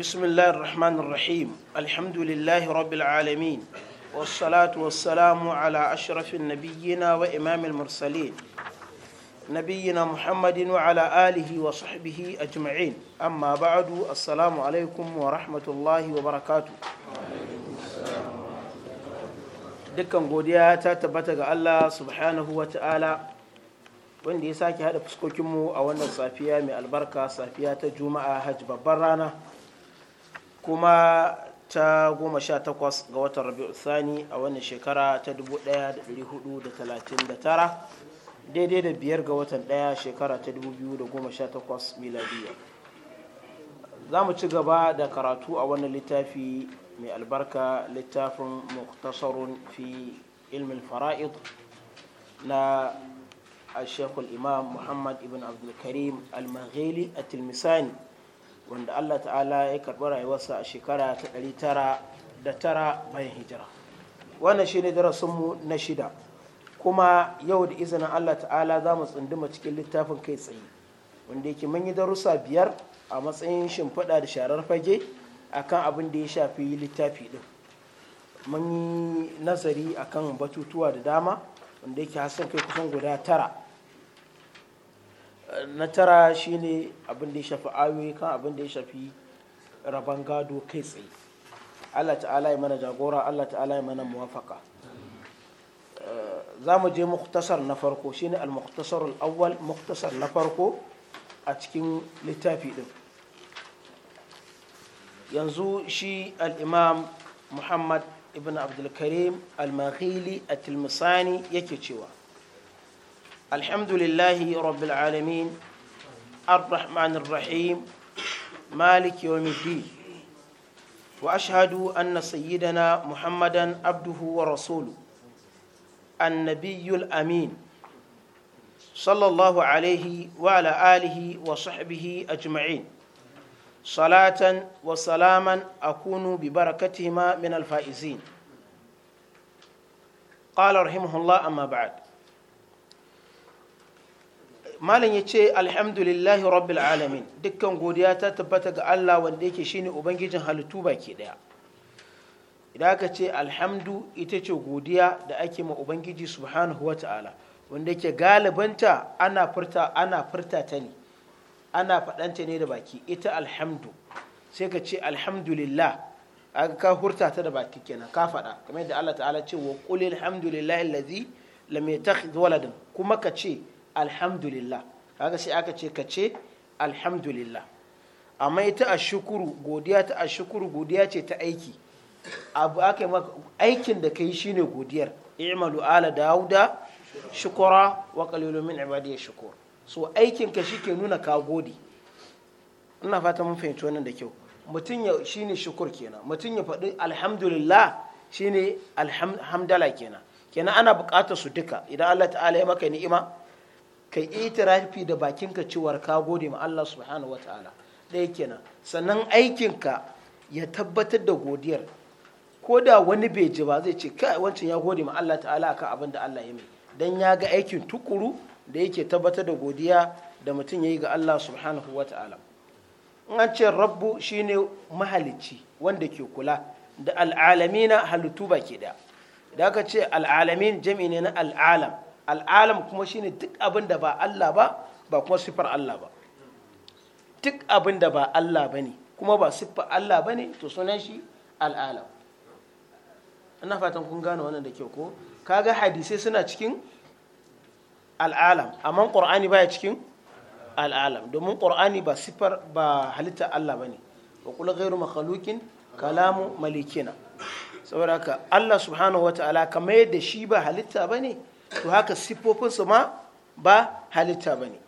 بسم الله الرحمن الرحيم الحمد لله رب العالمين والصلاة والسلام على أشرف النبيين وإمام المرسلين نبينا محمد وعلى آله وصحبه أجمعين أما بعد السلام عليكم ورحمة الله وبركاته dukkan godiya ta tabbata ga Allah subhanahu wa ta'ala wanda ya sake haɗa fuskokinmu a wannan safiya mai albarka safiya ta juma'a hajj babbar rana kuma ta goma sha takwas ga watan rabi'u thani a wannan shekara ta 1439 daidai da biyar ga watan ɗaya shekara ta 2018 miladiya za mu ci gaba da karatu a wannan littafi mai albarka littafin muktasarun fi ilmin fara'id na الشيخ الإمام محمد بن عبد الكريم المغيلي التلمساني wanda Allah ta'ala ya karɓi rayuwarsa a shekara ta ɗari tara da tara bayan hijira wannan shi ne darasinmu na shida kuma yau da izinin Allah ta'ala za mu tsunduma cikin littafin kai tsaye wanda yake mun yi darussa biyar a matsayin shimfiɗa da sharar fage akan abin da ya shafi littafi ɗin mun yi nazari akan batutuwa da dama wanda yake hasan kai kusan guda tara na tara shine abin da ya shafi ayoyi kan abin da ya shafi rabon gado kai tsaye Allah ta'ala ya mana jagora Allah ta'ala ya mana muwafaka eh, za mu je muktasar na farko shine al-muktasar al-awwal muktasar na farko a cikin littafi ɗin. yanzu shi al-imam Muhammad ibn abdulkarim Karim al-Maghili at-Tilmisani yake cewa الحمد لله رب العالمين الرحمن الرحيم مالك يوم الدين واشهد ان سيدنا محمدا عبده ورسوله النبي الامين صلى الله عليه وعلى اله وصحبه اجمعين صلاه وسلاما اكون ببركتهما من الفائزين قال رحمه الله اما بعد malam ya ce alhamdulillahi rabbil alamin dukkan godiya ta tabbata ga Allah wanda yake shine ubangijin halittu baki daya idan aka ce alhamdu ita ce godiya da ake ma ubangiji subhanahu wa ta'ala wanda yake galibanta ana furta ana furta ta ne ana faɗanta ne da baki ita alhamdu sai ka ce alhamdulillah aka ka hurta ta da baki kenan ka faɗa kamar yadda Allah ta'ala ce wa qul alhamdulillahi allazi lam yattakhidh waladan kuma ka ce alhamdulillah kaga sai aka ce ka ce alhamdulillah amma ita shukuru godiya ta shukuru godiya ce ta aiki abu aka aikin da shi shine godiyar i'malu ala dauda shukura wa kalilomin ibadiyar shukur so aikin ka shi ke nuna ka godi? ina fata mun fahimci wannan da kyau mutum ya shi ne shukur kenan mutum ya faɗi alhamdulillah shi ne alhamdala kenan kenan ana buƙatar su duka idan Allah ta'ala ya maka ni'ima kai itirafi da bakinka cewar ka gode ma Allah subhanahu wataala ɗaya kenan sannan ka ya tabbatar da godiyar ko da wani bai ji ba zai ce kai wancan ya gode ma Allah ta'ala akan abin da Allah ya mai dan ya ga aikin tukuru da yake tabbatar da godiya da mutum yayi ga Allah subhanahu wataala in an ce rabbu shine mahalicci wanda ke kula da al'alamina halittu baki ɗaya idan aka ce al'alamin jami'i ne na al'alam al'alam kuma shine duk abin da ba Allah ba ba kuma siffar Allah ba duk abin da ba Allah ba ne kuma ba siffar Allah ba ne to sunan shi al'alam ina fatan kun gane wannan da kyau ko kaga hadisai suna cikin al'alam amma qur'ani baya cikin al'alam domin qur'ani ba siffar ba halitta Allah ba ne wa kula ghairu makhluqin kalamu malikina saboda haka Allah subhanahu wataala kamar yadda shi ba halitta ba ne to haka siffofinsa ma ba halitta ba ne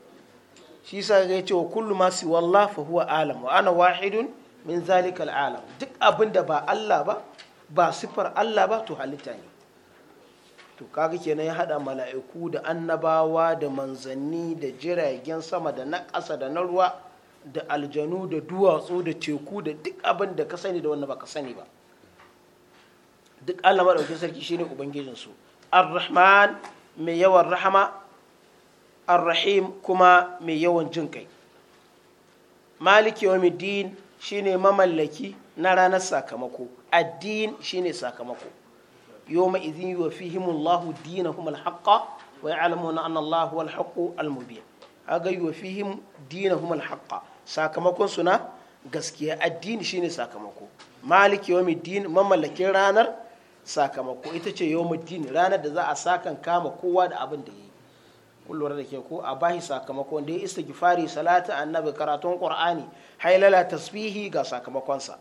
shi sa ga ce wa kullu ma si wallah fa huwa alam wa ana wahidun min zalikal alam duk abin da ba Allah ba ba siffar Allah ba to halitta ne to kaga kenan ya hada mala'iku da annabawa da manzanni da jiragen sama da na ƙasa da na ruwa da aljanu da duwatsu da teku da duk abin da ka sani da wanda ba ka sani ba duk Allah madaukakin sarki shine su ar-rahman mai yawan rahama arrahim kuma mai yawan jin kai maliki yawmiddin shine mamallaki na ranar sakamako addin shine sakamako yawma idhin yuwafihimullahu dinahum alhaqqa wa ya'lamuna anna Allahu alhaqqu almubin aga yuwafihim dinahum alhaqqa sakamakon su na gaskiya addini shine sakamako maliki din mamallakin ranar sakamako ita ce yawmuddin ranar da za a sakan kama kowa da abin da yi kullum da ke ko a bahi sakamako da ya isa gifari salatu annabi karatun qur'ani hailala tasbihi ga sakamakonsa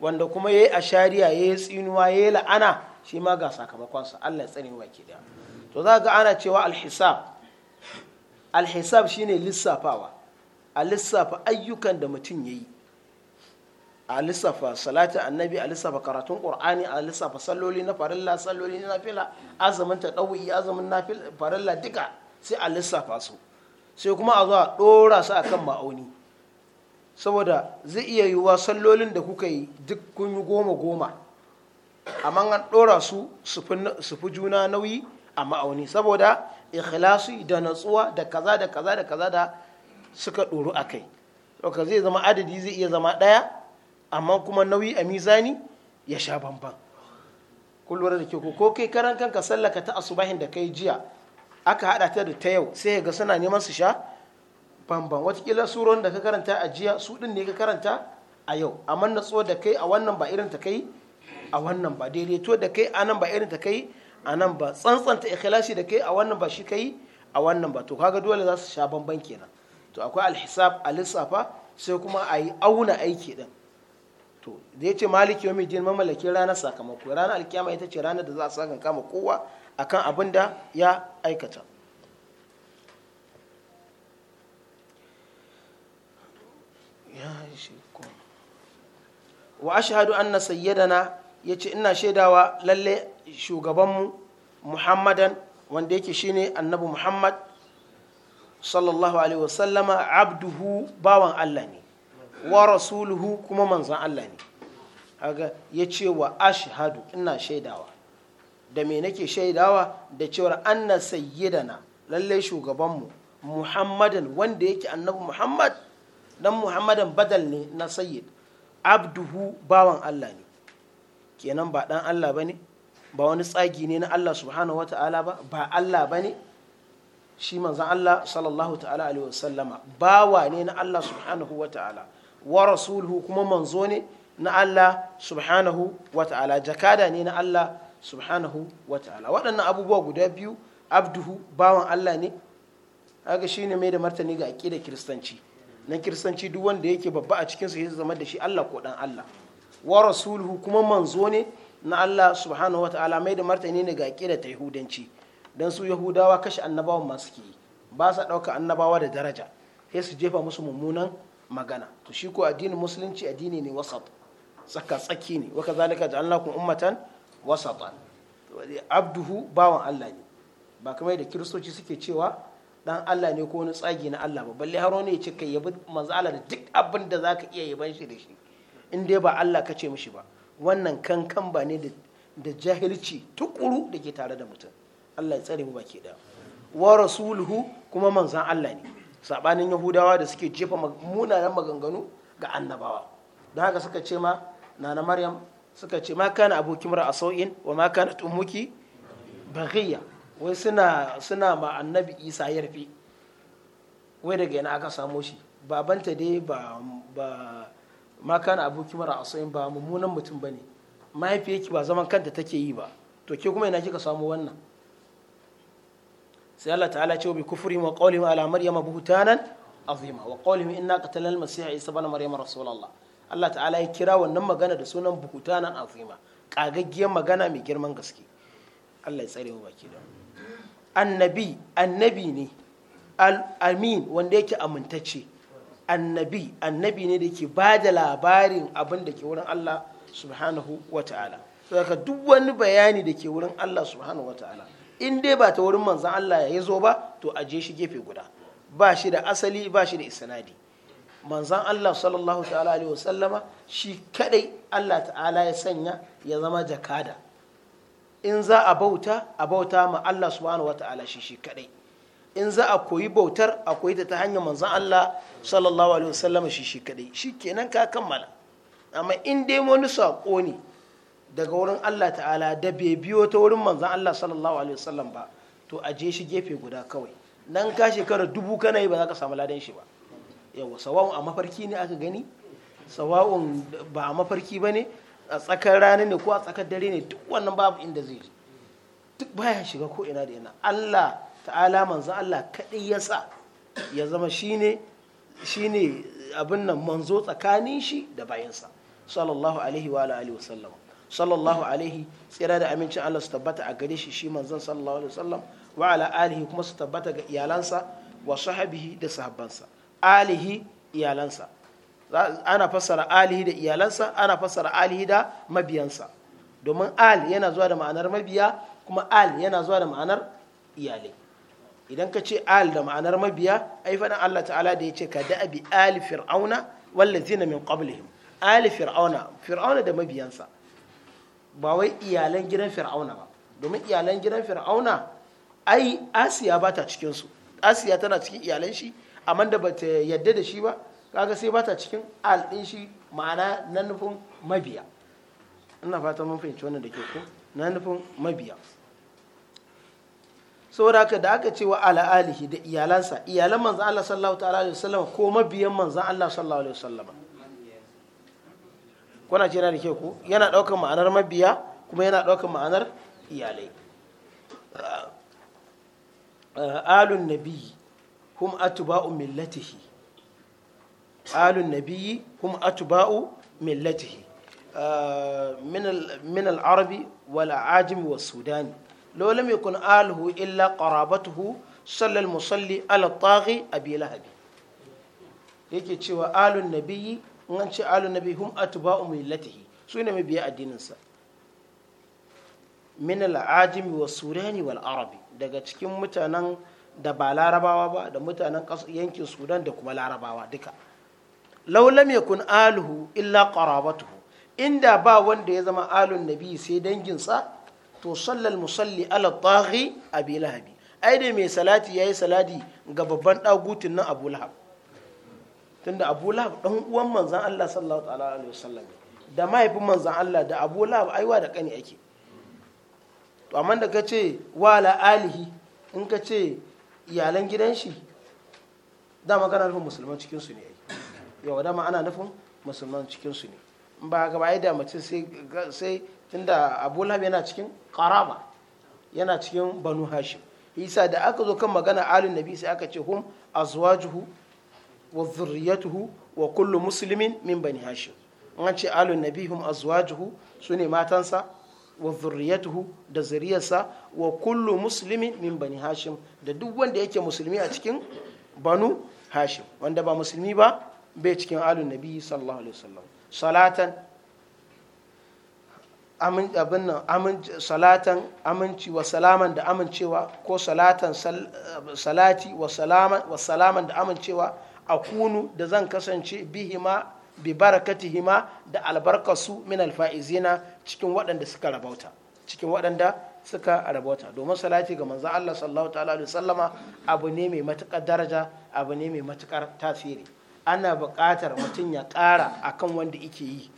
wanda kuma yayi ashariya yayi tsinuwa yayi la'ana shi ma ga sakamakonsa Allah ya tsare baki da to za ga ana cewa alhisab alhisab shine lissafawa a lissafa ayyukan da mutum yayi a lissafa salatin annabi a lissafa karatun qur'ani a lissafa salloli na farilla salloli na nafila azumin dawi azumin nafila farilla duka sai a lissafa su sai kuma a zo a dora su akan ma'auni saboda zai iya yiwuwa sallolin da kuka yi duk kun yi goma goma amma an dora su su fi juna nauyi a ma'auni saboda ikhlasu da natsuwa da kaza da kaza da kaza da suka ɗoru a kai zai zama adadi zai iya zama ɗaya amma kuma nauyi a mizani ya sha bamban kullum da ke ko kai karan kanka sallaka ta asubahin da kai jiya aka hada ta da ta yau sai ga suna neman su sha bamban watakila suron da ka karanta a jiya su din ne ka karanta a yau amma natsuwa da kai a wannan ba irin ta kai a wannan ba daidaito da kai a nan ba irin ta kai a nan ba tsantsanta ikhlasi da kai a wannan ba shi kai a wannan ba to kaga dole za su sha bamban kenan to akwai alhisab a lissafa sai kuma a yi auna aiki din to da ya ce maliki yomi din mamalakin ranar sakamako ranar alkiyama ita ce ranar da za a sakan kama kowa akan abin da ya aikata wa ashhadu anna ya ce ina shaidawa lalle shugabanmu muhammadan wanda yake shine annabi muhammad sallallahu alaihi wasallama abduhu bawan allah ne wa rasuluhu kuma manzan Allah ne haga ya ce wa ashhadu ina shaidawa da me nake shaidawa da cewar anna sayyidana lalle shugabanmu muhammadan wanda yake annabi muhammad dan muhammadan badal ne na sayyid abduhu bawan Allah ne kenan ba dan Allah bane ba wani tsagi ne na Allah subhanahu wata'ala ba ba Allah bane shi manzan Allah sallallahu ta'ala alaihi wasallama bawa ne na Allah subhanahu wata'ala wa rasuluhu kuma manzo ne na Allah subhanahu wa ta'ala jakada ne na Allah subhanahu wa ta'ala waɗannan abubuwa guda biyu abduhu bawan Allah ne haka shine mai da martani ga aƙida kiristanci na kiristanci duk wanda yake babba a cikinsu ya zama da shi Allah ko dan Allah wa rasuluhu kuma manzo ne na Allah subhanahu wataala mai da martani ne ga aƙida ta yahudanci dan su yahudawa kashi annabawan masu ke ba sa ɗauka annabawa da daraja sai su jefa musu mummunan magana to shi ko addinin musulunci addini ne wasat tsaka tsaki ne waka zalika ja'alnakum ummatan wasatan abduhu bawan Allah ne ba kamar da kiristoci suke cewa dan Allah ne ko wani tsagi na Allah ba balle haro ne ya ce kai yabi manzo Allah da duk abin da zaka iya yaban shi da shi in dai ba Allah kace mishi ba wannan kankan ba ne da jahilci tukuru da ke tare da mutum Allah ya tsare mu baki da wa rasuluhu kuma manzan Allah ne sabanin yahudawa da suke jefa munanan maganganu ga annabawa don haka suka ce ma nana maryam suka ce ma kana abokin mura a sau'in wa ma kana tumuki baghiya wai suna ma annabi isa rufe wai daga yana aka samo shi babanta dai ba ba ma kana abokin mara a sau'in ba mummunan mutum ba ne. mahaifiyarki ba zaman kanta take yi ba to ke kuma ina kika samo wannan sai Allah ta'ala ce bi kufri wa qawlihim ala maryama buhtanan azima wa qawlihim inna qatalna al-masih isa ibn maryama rasulullah Allah ta'ala ya kira wannan magana da sunan buhtanan azima kagaggiyar magana mai girman gaske Allah ya tsare mu baki da annabi annabi ne al-amin wanda yake amintacce annabi annabi ne da ke ba da labarin abin da ke wurin Allah subhanahu wa ta'ala saboda duk wani bayani da ke wurin Allah subhanahu wa ta'ala in dai ba ta wurin manzan Allah ya zo ba to aje shi gefe guda ba shi da asali ba shi da isnadi manzan Allah sallallahu ta'ala alaihi wasallama shi kadai Allah ta'ala ya sanya ya zama jakada in za a bauta a bauta ma Allah subhanahu wa shi shi kadai in za a koyi bautar a koyi ta ta hanyar manzan Allah sallallahu alaihi wasallama shi shi kadai shi kenan ka kammala amma in dai wani saƙo ne daga wurin Allah ta'ala da bai biyo ta wurin manzan Allah sallallahu alaihi wasallam ba to a je shi gefe guda kawai nan ka shekara dubu kana yi ba za ka samu ladan shi ba yawa sawa'un a mafarki ne aka gani sawa'un ba a mafarki ba ne a tsakar rana ne ko a tsakar dare ne duk wannan babu inda zai ji duk baya shiga ko ina da ina Allah ta'ala manzan Allah kaɗai ya sa ya zama shine shine abin nan manzo tsakanin shi da bayansa sallallahu alaihi wa alihi wasallam sallallahu alaihi tsira da amincin Allah su tabbata a gare shi shi manzon sallallahu alaihi wasallam wa ala alihi kuma su tabbata ga iyalansa wa sahabihi da sahabbansa alihi iyalansa ana fassara alihi da iyalansa ana fassara alihi da mabiyansa domin al yana zuwa da ma'anar mabiya kuma al yana zuwa da ma'anar iyalai idan ka ce al da ma'anar mabiya ai faɗin Allah ta'ala da ya ce ka da'abi al fir'auna wallazina min qablihim al fir'auna fir'auna da mabiyansa ba wai iyalan gidan fir'auna ba domin iyalan gidan fir'auna ai asiya ba ta cikinsu asiya tana cikin iyalan shi amma da bata yadda da shi ba kaga sai ba ta cikin al'in shi ma'ana na nufin mabiya ina fata mun fahimci wannan da ke ku na nufin mabiya saboda haka da aka ce wa ala alihi da iyalansa iyalan manzan Allah sallallahu ta'ala alaihi wasallam ko mabiyan manzan Allah sallallahu alaihi wasallam kuna ce yana da kyau ku yana ɗaukar ma'anar mabiya kuma yana ɗauka ma'anar iyalai ah, alun nabi kuma atuba'u latihi. alun nabi kuma atuba'u millatihi ah, min al'arabi wal ajim wa sudani lola mai kun alhu illa qarabatuhu sallal musalli ala taghi abi lahabi yake cewa alun nabi in an ce alu nabi hum atba'u millatihi su ne mabiya addininsa min al'ajim wa surani wal arabi daga cikin mutanen da ba larabawa ba da mutanen yankin sudan da kuma larabawa duka law kun aluhu illa qarabatuhu inda ba wanda ya zama alun nabi sai danginsa to sallal musalli ala taghi abi lahabi ai da mai salati yayi salati ga babban dagutin nan abu lahab tunda abu lahab ɗan uwan manzan allah sallallahu alaihi wasallam da mahaifin manzan allah da abu lahab aiwa da kani ake to amma da ka ce wa la'alihi in ka ce iyalan gidan shi dama kana nufin musulman cikin su ne yau dama ana nufin musulman cikin su ne in ba ka bai da mace sai tunda abu lahab yana cikin karaba yana cikin banu hashim isa da aka zo kan magana alin nabi sai aka ce hum azwajuhu wa zurriyatuhu wa kullu musulmin min bani hashim an ce alun nabihum su ne matansa wa zurriyatuhu da zuriyarsa wa kullu musulmin min bani hashim da duk wanda yake musulmi a cikin banu hashim wanda ba musulmi ba bai cikin alun nabi sallallahu alaihi wasallam salatan amin abin nan amin salatan aminci wa salaman da amincewa ko salatan salati wa wa salaman da amincewa akunu da zan kasance bihima bi barakatihima da albarkasu min alfaizina cikin waɗanda suka rabauta cikin waɗanda suka rabauta domin salati ga manzo Allah sallallahu ta'ala alaihi sallama abu ne mai matukar daraja abu ne mai matukar tasiri ana buƙatar mutum ya ƙara akan wanda yake yi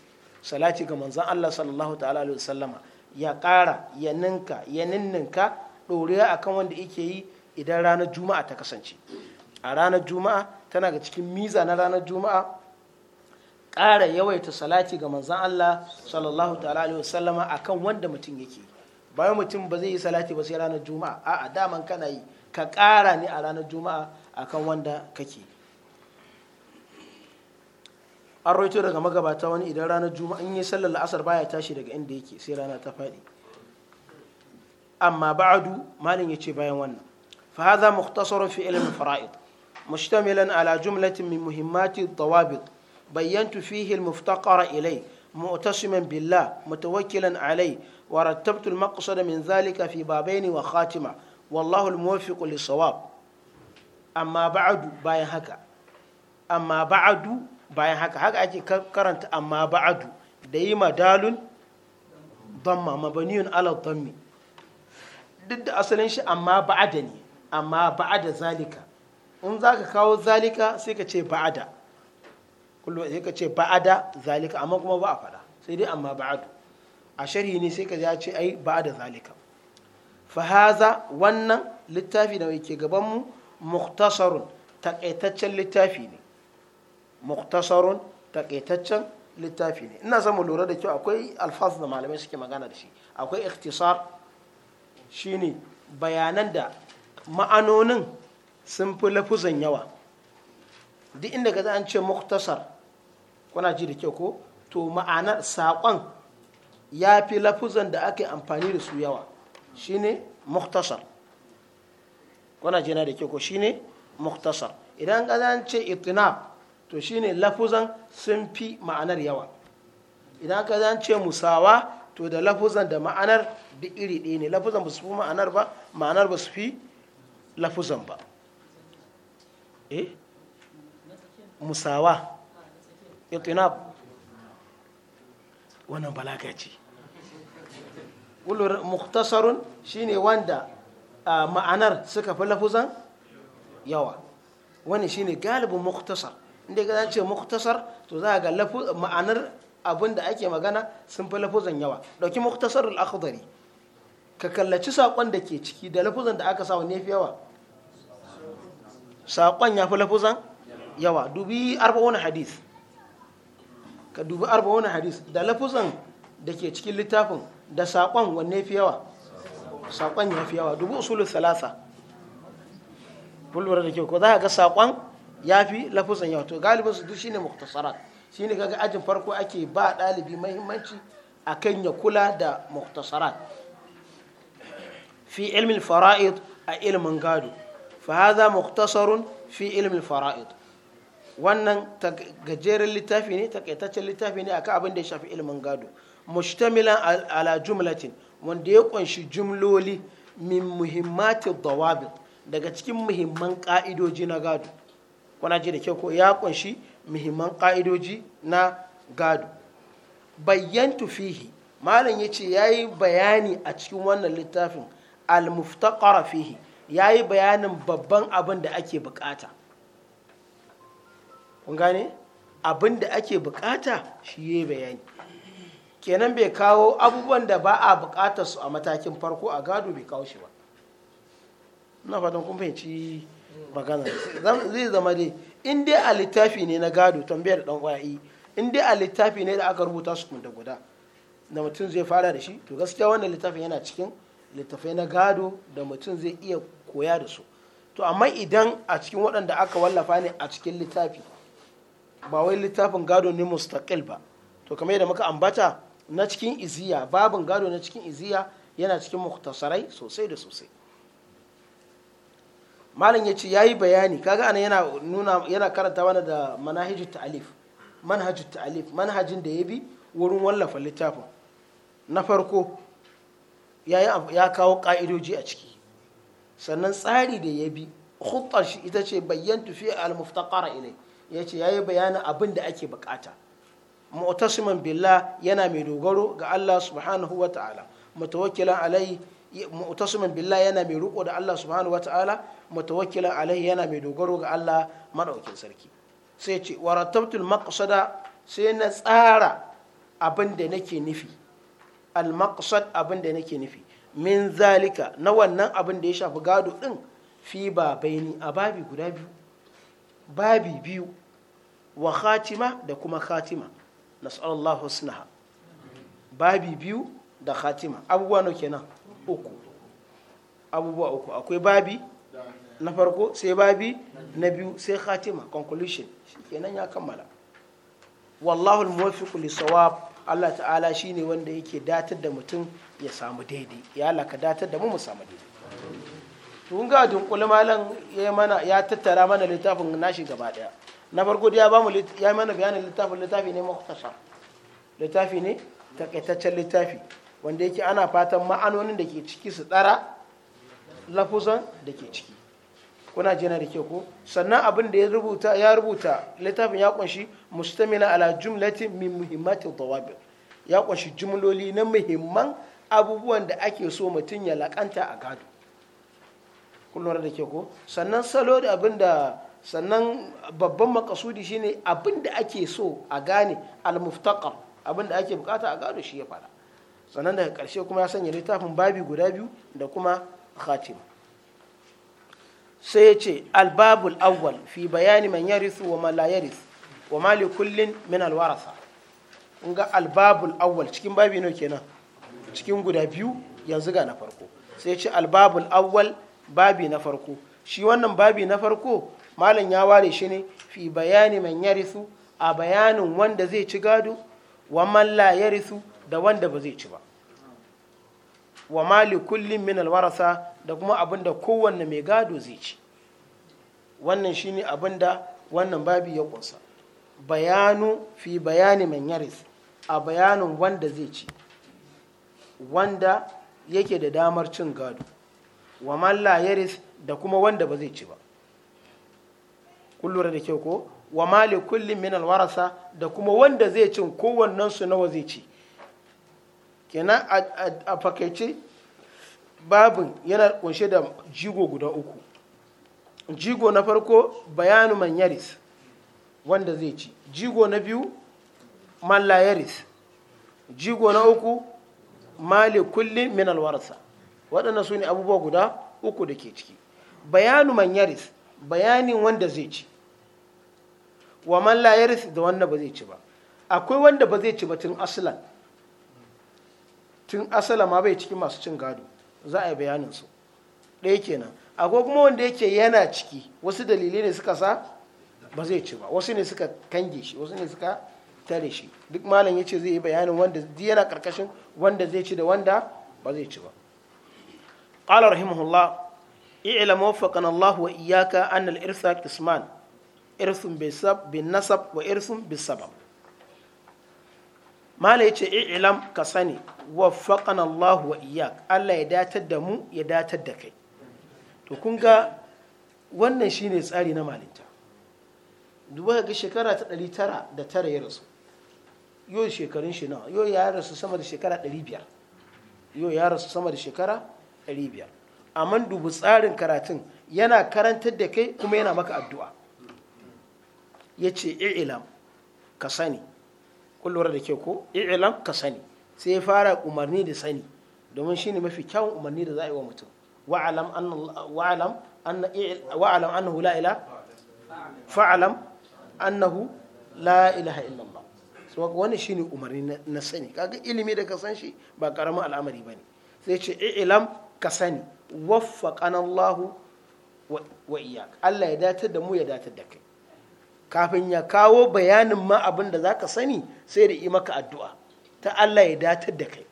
salati ga manzo Allah sallallahu ta'ala alaihi sallama ya ƙara ya ninka ya ninninka doriya akan wanda yake yi idan ranar juma'a ta kasance a ranar juma'a tana ga cikin miza na ranar juma'a ƙara yawaita salati ga manzan Allah sallallahu ta'ala alaihi wasallama akan wanda mutum yake bayan mutum ba zai yi salati ba sai ranar juma'a a'a daman kana yi ka ƙara ne a ranar juma'a akan wanda kake an roito daga magabata wani idan ranar juma'a an yi sallar la'asar baya tashi daga inda yake sai rana ta faɗi amma ba'adu malin ya ce bayan wannan fa hadha mukhtasarun fi ilmin fara'id مشتملا على جملة من مهمات الضوابط بينت فيه المفتقر إليه معتصما بالله متوكلا عليه ورتبت المقصد من ذلك في بابين وخاتمة والله الموفق للصواب أما بعد باين هكا أما بعد باين هكا هكا أجي كرنت أما بعد دايما دال ضم مبني على الضم ضد أصلا أما بعدني أما بعد ذلك in za ka kawo zalika sai ka ce ba'ada kullum sai ka ce ba'ada zalika amma kuma ba a faɗa sai dai amma ba'adu a sharhi ne sai ka ya ce ai ba'ada zalika fahaza wannan littafi da ke mu muktasarun takaitaccen littafi ne muktasarun takaitaccen littafi ne ina son mu lura da kyau akwai alfaz da malamai suke magana da shi akwai ikhtisar shine bayanan da ma'anonin sun fi lafuzan yawa duk inda ka an ce muktasar kuna ji da kyau ko to ma'anar saƙon ya fi lafuzan da ake amfani da su yawa shine muktasar kuna ji na da kyau ko shine muktasar idan ka an ce itinab to shine lafuzan sun fi ma'anar yawa idan ka an ce musawa to da lafuzan da ma'anar duk iri ɗaya ne lafuzan ba su fi ma'anar ba ma'anar ba su fi lafuzan ba eh musawa itinab wannan balaga ce ulur muktasarun shine wanda ma'anar suka fi lafuzan yawa wani shine galibin muktasar inda ya ce muktasar to za ga ma'anar abin da ake magana sun fi lafuzan yawa dauki muktasarul al ka kallaci saƙon da ke ciki da lafuzan da aka sawa ne fi yawa saƙon ya fi lafuzan yawa dubi arba'una hadis ka dubi arba'una hadis da lafuzan da ke cikin littafin da saƙon wanne fi yawa saƙon ya fi yawa dubu usulun salasa kullum da ke ko za ka ga saƙon ya fi lafuzan yawa to galibin su duk shine muktasarat ne kaga ajin farko ake ba ɗalibi mahimmanci a kan ya kula da muktasarat fi ilmin fara'id a ilmin gado fa hadha mukhtasarun fi ilmi fara'id wannan gajeren littafi ne takaitaccen littafi ne akan abin da ya shafi ilimin gado mustamilan ala jumlatin wanda ya kunshi jumloli min muhimmati dawabit daga cikin muhimman ka'idoji na gado kuna ji da kyau ko ya kunshi muhimman ka'idoji na gado bayyantu fihi malam ya yayi bayani a cikin wannan littafin al-muftaqara fihi ya yi bayanin babban abin da ake bukata kun gane abin da ake bukata shi ya yi bayani kenan bai kawo abubuwan da ba a bukata su a matakin farko a gado bai kawo shi ba na fatan kun fahimci magana zai zama dai in dai a littafi ne na gado tambayar dan kwayi in dai a littafi ne da aka rubuta su kunda guda da mutum zai fara da shi to gaskiya wannan littafin yana cikin littafai na gado da mutum zai iya koya da su to amma idan a cikin waɗanda aka wallafa ne a cikin littafi ba wai littafin gado ne mustaqil ba to kamar yadda muka ambata na cikin iziya babin gado na cikin iziya yana cikin muktasarai sosai da sosai malam ya ce ya yi bayani kaga ana yana nuna yana karanta mana da manhajin ta'alif manhajin ta'alif manhajin da ya bi wurin wallafa littafin na farko ya kawo ka'idoji a ciki sannan tsari da ya bi khuttar shi ita ce bayyan tufi al-muftaqara ilai ya ce ya yi bayanin abin da ake bukata mu'tasiman billah yana mai dogaro ga Allah subhanahu wa ta'ala mutawakkilan alai mu'tasiman billah yana mai riko da Allah subhanahu wa ta'ala mutawakkilan alai yana mai dogaro ga Allah madaukin sarki sai ce warattabtul maqsada sai na tsara abin da nake nufi al maqsad abin da nake nufi min zalika na wannan abin da ya shafi gado ɗin fi ba babaini a babi guda biyu babi biyu wa khatima da kuma khatima nas'alullah sunaha babi biyu da khatima abubuwa ke kenan uku abubuwa uku akwai babi na farko sai babi na biyu sai khatima conclusion kenan ya kammala wallahu al li sawab Allah ta'ala shine wanda yake datar da mutum ya samu daidai ya lakadatar datar da mu mu samu daidai tun ga dunkule malam ya tattara mana littafin nashi gaba daya na farko da ya ba mu ya mana bayanin littafin littafi ne mukhtasar littafi ne takaitaccen littafi wanda yake ana fatan ma'anonin da ke ciki su tsara lafuzan da ke ciki kuna jina da ke ko sannan abin da ya rubuta ya littafin ya kunshi mustamila ala jumlatin min muhimmatin tawabil ya kunshi jumloli na muhimman abubuwan da ake so mutum ya laƙanta a gado kullum da ke ko sannan salo da abin da sannan babban makasudi shine abin da ake so a gane almuftaqar abin da ake bukata a gado shi ya fara sannan daga karshe kuma ya sanya littafin babi guda biyu da kuma khatim sai ya ce albabul awwal fi bayani man yarithu wa man la yarithu wa mali kullin min alwarasa kun ga albabul awwal cikin babi nawa kenan cikin guda biyu yanzu ga na farko sai ce albabul awwal babi na farko shi wannan babi na farko malam ya ware shi ne fi bayani man yarisu a bayanin wanda zai ci gado wa man la yarisu da wanda ba zai ci ba wa mali kullin min alwarasa da kuma abin da kowanne mai gado zai ci wannan shi abin da wannan babi ya kunsa bayanu fi bayani man yarisu a bayanin wanda zai ci wanda yake da damar cin gado wa malla yaris da kuma wanda ba zai ci ba kullura da kyau ko wa mali kullum min alwarasa da kuma wanda zai cin kowannen su nawa zai ci kenan a fakaice babin yana kunshe da jigo guda uku jigo na farko bayanu man yaris wanda zai ci jigo na biyu Malla yaris jigo na uku mali kulli min alwarasa waɗannan su ne abubuwa guda uku da ke ciki bayanu man yaris bayanin wanda zai ci wa man la yaris da wanda ba zai ci ba akwai wanda ba zai ci ba tun asalan tun asala ma bai ciki masu cin gado za a yi bayanin su ɗaya kenan akwai kuma wanda yake yana ciki wasu dalilai ne suka sa ba zai ci ba wasu ne suka kange shi wasu ne suka tare shi duk malam ya ce zai yi bayanin wanda yana karkashin wanda zai ci da wanda ba zai ci ba ƙalar rahimahullah i'ila mawafakan Allah wa iyaka an irsa qisman irsun bin nasab wa irsun bis sabab malam ya ce i'lam ka sani waffaqana Allah wa iyak Allah ya datar da mu ya datar da kai to kun ga wannan shine tsari na malinta duba ga shekara ta ɗari tara da tara ya rasu yau shekarun shi nawa yau ya rasu sama da shekara 500 yau ya rasu sama da shekara 500 amma dubu tsarin karatun yana karantar da kai kuma yana maka addu'a ya ce i'lam ka sani kullum da ke ko i'lam ka sani sai ya fara umarni da sani domin shi ne mafi kyawun umarni da za a yi wa mutum wa'alam annahu la ilaha fa'alam annahu la ilaha illallah wani shi ne umarni na sani kaga ilimi da ka san shi ba karamin al'amari ba ne sai ce i'lam ka sani waffa kanallahu wa Allah ya datar da mu ya datar da kai kafin ya kawo bayanin ma abin da zaka sani sai da yi maka addu'a ta Allah ya datar da kai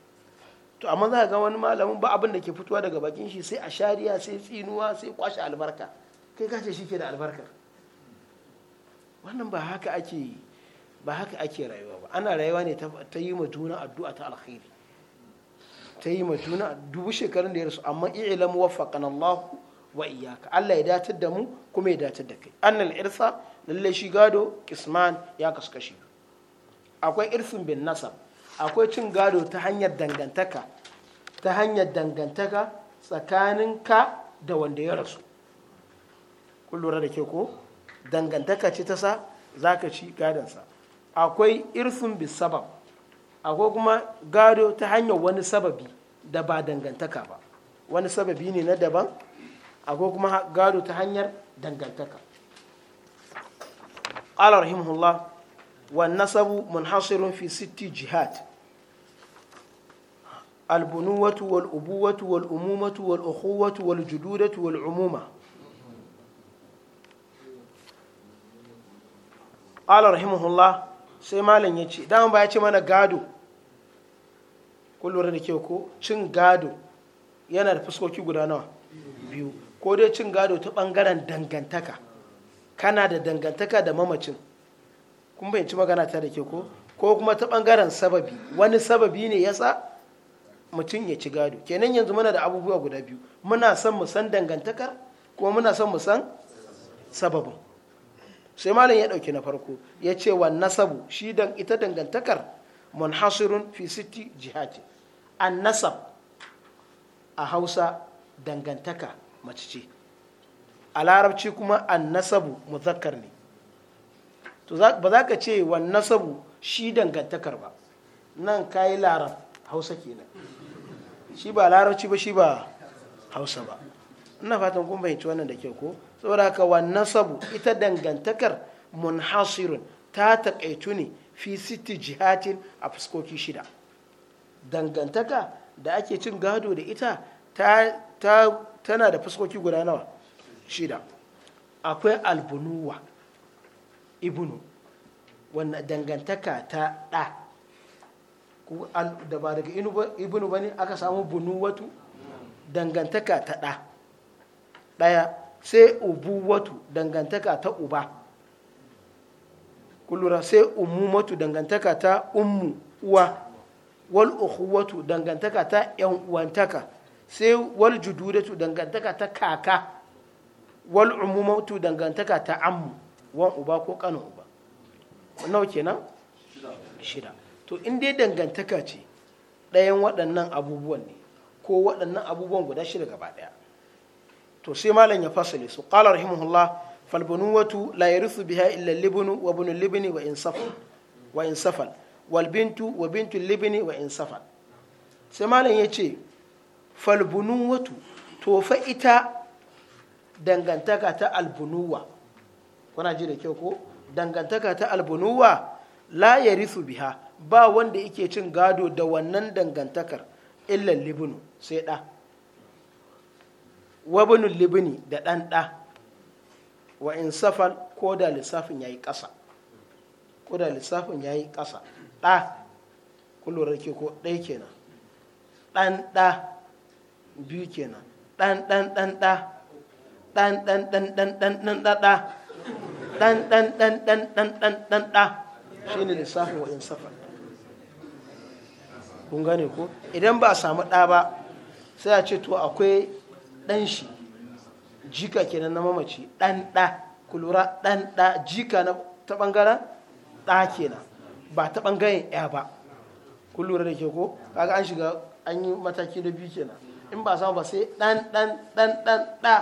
to amma za ga wani malamin ba abin da ke fitowa daga bakin shi sai a shariya sai tsinuwa sai kwashe albarka kai kace shi ke da albarka wannan ba haka ake yi. ba haka ake rayuwa ba ana rayuwa ne ta yi ma juna addu'a ta alkhairi ta yi ma juna dubu shekarun da ya rasu amma i'lam waffaqana Allah wa iyyaka Allah ya datar da mu kuma ya datar da kai annal irsa lalle shi gado kisman ya kasu kashi akwai irsin bin nasab akwai cin gado ta hanyar dangantaka ta hanyar dangantaka tsakanin ka da wanda ya rasu kullum da ke ko dangantaka ce ta sa za ka ci gadonsa akwai irfin bisabab akwai kuma gado ta hanyar wani sababi da ba dangantaka ba wani sababi ne na daban akwai kuma gado ta hanyar dangantaka alar himhullah wa nasabu munhasirun fi city jihad albunuwatu wal'ubuwatu wal'umumatu wal'ukhuwatu rahimahullah sai malam ya ce dama ba ya ce mana gado kullum da ke ko cin gado yana da fuskoki guda nawa biyu ko dai cin gado ta bangaren dangantaka kana da dangantaka da mamacin kun fahimci magana ta da ke ko ko kuma ta bangaren sababi wani sababi ne yasa mutum ya ci gado kenan yanzu muna da abubuwa guda biyu muna son mu san dangantakar kuma muna son mu san sababin sai malam ya ɗauki na farko ya ce wa nasabu shi dan ita dangantakar munhasirun fi siti jihati an nasab a hausa dangantaka mace ce a larabci kuma an nasabu muzakkar ne to ba za ka ce wa nasabu shi dangantakar ba nan ka yi larab hausa kenan shi ba larabci ba shi ba hausa ba ina fatan kun fahimci wannan da kyau ko saboda haka wannan sabu ita dangantakar munhasirun ta taƙaitu ne fi siti jihatin a fuskoki shida dangantaka da ake cin gado da ita tana da fuskoki guda nawa shida akwai albunuwa ibnu wannan dangantaka ta ɗa da ba daga ibnu ba ne aka samu bunuwatu dangantaka ta ɗa ɗaya sai ubuwatu dangantaka ta uba kullura sai umumatu dangantaka ta ummu uwa wal ukhuwatu dangantaka ta yan uwantaka sai wal jududatu dangantaka ta kaka wal umumatu dangantaka ta ammu wan uba ko kanin uba nawa kenan shida to in dai dangantaka ce ɗayan waɗannan abubuwan ne ko waɗannan abubuwan guda shida gaba ɗaya to sai malam ya fasale su qala rahimahullah fal bunuwatu la yarithu biha illa libnu wa bunu libni wa safa wa safa wal bintu wa bintu libni wa safa sai malam ya ce fal bunuwatu to fa ita dangantaka ta albunuwa kuna ji da kyau ko dangantaka ta albunuwa la yarithu biha ba wanda yake cin gado da wannan dangantakar illa libnu sai da wabinul libini da ɗan ɗa wa in safal ko da lissafin ya yi ƙasa ko da lissafin ya yi ƙasa ɗa kullum ke ko ɗaya kenan ɗan ɗa biyu kenan ɗan ɗan ɗan ɗa ɗan ɗan ɗan ɗan ɗan ɗan ɗa ɗa ɗan ɗan ɗan ɗan ɗan ɗan ɗan ɗa shi ne lissafin wa in safal kun gane ko idan ba a samu ɗa ba sai a ce to akwai ɗan shi jika kenan na mamaci ɗan ɗa kulura ɗan ɗa jika na ta ɓangaren ɗa kenan ba ta ɓangaren ya ba kulura da ke ko kaga an shiga an yi mataki na biyu kenan in ba samu ba sai ɗan ɗan ɗan ɗan ɗa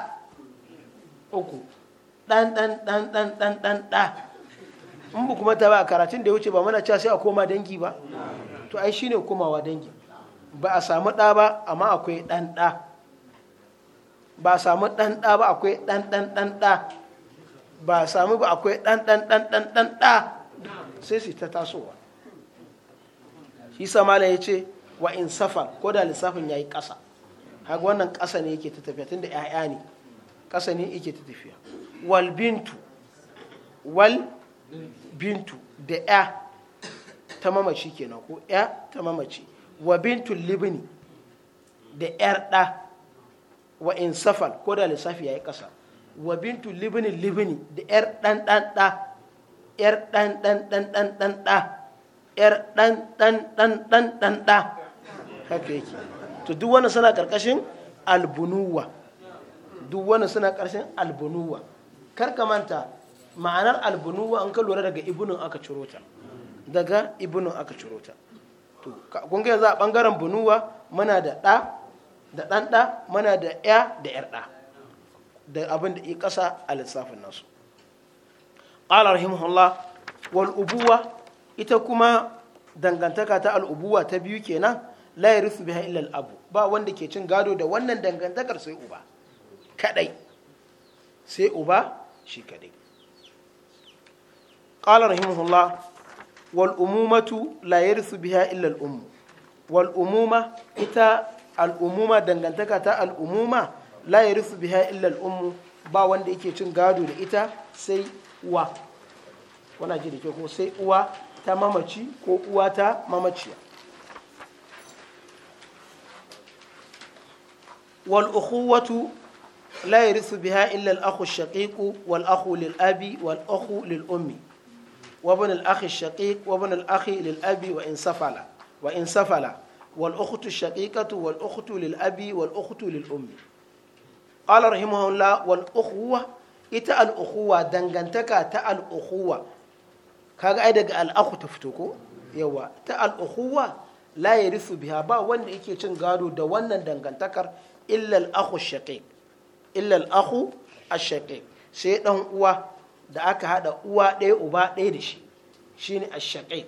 uku ɗan ɗan ɗan ɗan ɗan ɗan ɗa in ba kuma ta ba karatun da ya wuce ba mana cewa sai a koma dangi ba to ai shine komawa dangi ba a samu ɗa ba amma akwai ɗan ɗa ba samu ɗanɗa ba akwai ɗan ɗan ba samu ba akwai ɗan sai su ta tasowa shi samala ya ce wa in safa ko da lissafin ya yi ƙasa haka wannan ƙasa ne yake ta tafiya tun da 'ya'ya ne ƙasa ne yake ta tafiya wal bintu wal bintu da 'ya ta mamaci kenan ko 'ya ta mamaci wa bintu libni da 'yar ɗa wa in safal ko da lissafi ya yi ƙasa wa bintu libini libini da yar ɗan ɗan ɗa yar ɗan ɗan ɗan ɗan ɗan ɗa yar ɗan ɗan ɗan ɗan ɗan ɗa haka yake to duk wani suna ƙarƙashin albunuwa duk wani suna ƙarshen albunuwa karka manta ma'anar albunuwa an ka lura daga ibunin aka ciro ta daga ibunin aka ciro ta to kun ga yanzu a bangaren bunuwa muna da ɗa da ɗanɗa mana muna da ya da yarda da abin da ƙasa a lissafin nasu ƙalar rahimahullah wal'ubuwa ita kuma dangantaka ta al'ubuwa ta biyu kenan la ya rufu illal abu ba wanda ke cin gado da wannan dangantakar sai uba kadai sai uba shi kadai ƙalar rahimahullah wal'umumatu layar rufu illal umu wal'umuma ita al'umuma dangantaka ta al'umuma la ya rufu biha illa al'ummu ba wanda yake cin gado da ita sai uwa wana ji da ke sai uwa ta mamaci ko uwa ta mamaciya wal ukhuwatu la yarithu biha illa al akhu shaqiq wal akhu lil abi wal akhu lil ummi wa ibn al akhi shaqiq wa wa in safala wal ukhtu shaqiqatu wal ukhtu lil abi wal ukhtu lil ummi qala rahimahullah wal ukhuwa ita al ukhuwa dangantaka ta al ukhuwa kaga ai daga al akhu ta fito ko yawa ta al ukhuwa la yarithu biha ba wanda yake cin gado da wannan dangantakar illa al akhu shaqiq illa al akhu sai dan uwa da aka hada uwa ɗaya uba ɗaya da shi shine ashaqiq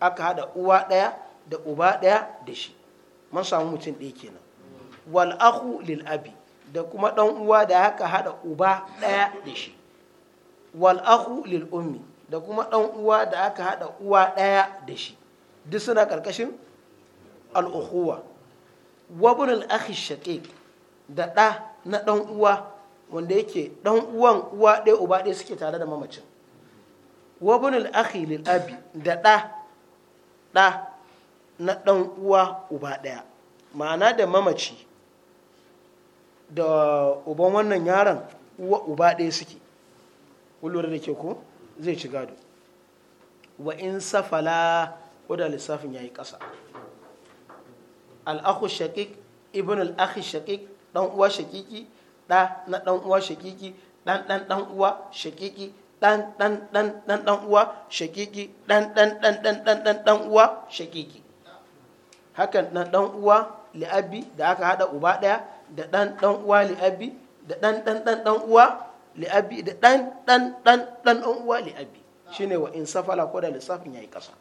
aka hada uwa ɗaya da uba ɗaya da shi mun samu mutum ɗaya kenan wal lil abi da kuma ɗan uwa da haka haɗa uba ɗaya da shi wal akhu lil ummi da kuma ɗan uwa da aka haɗa uwa ɗaya da shi duk suna ƙarƙashin al'ukuwa wabin al'akhi shaƙiƙ da ɗa na ɗan uwa wanda yake ɗan uwan uwa ɗaya uba ɗaya suke tare da mamacin wabin lil abi da ɗa ɗa na ɗan uwa uba ɗaya ma'ana da mamaci da uban wannan yaron uwa uba ɗaya suke kullum da ke ko zai ci gado wa in safala ko da lissafin ya yi ƙasa al'ahu shaƙiƙ ibn al'akhi shaƙiƙ ɗan uwa shaƙiƙi ɗa na ɗan uwa shaƙiƙi ɗan ɗan ɗan uwa shaƙiƙi ɗan ɗan ɗan ɗan ɗan uwa shaƙiƙi ɗan ɗan ɗan ɗan ɗan ɗan uwa shaƙiƙi hakan dan ɗan uwa li'abi da aka hada uba daya da dan ɗan uwa li'abi da dan dan dan ɗan uwa li'abi da dan dan dan ɗan ɗan uwa li'abi shine wa in safala ko da lissafin yayi ƙasa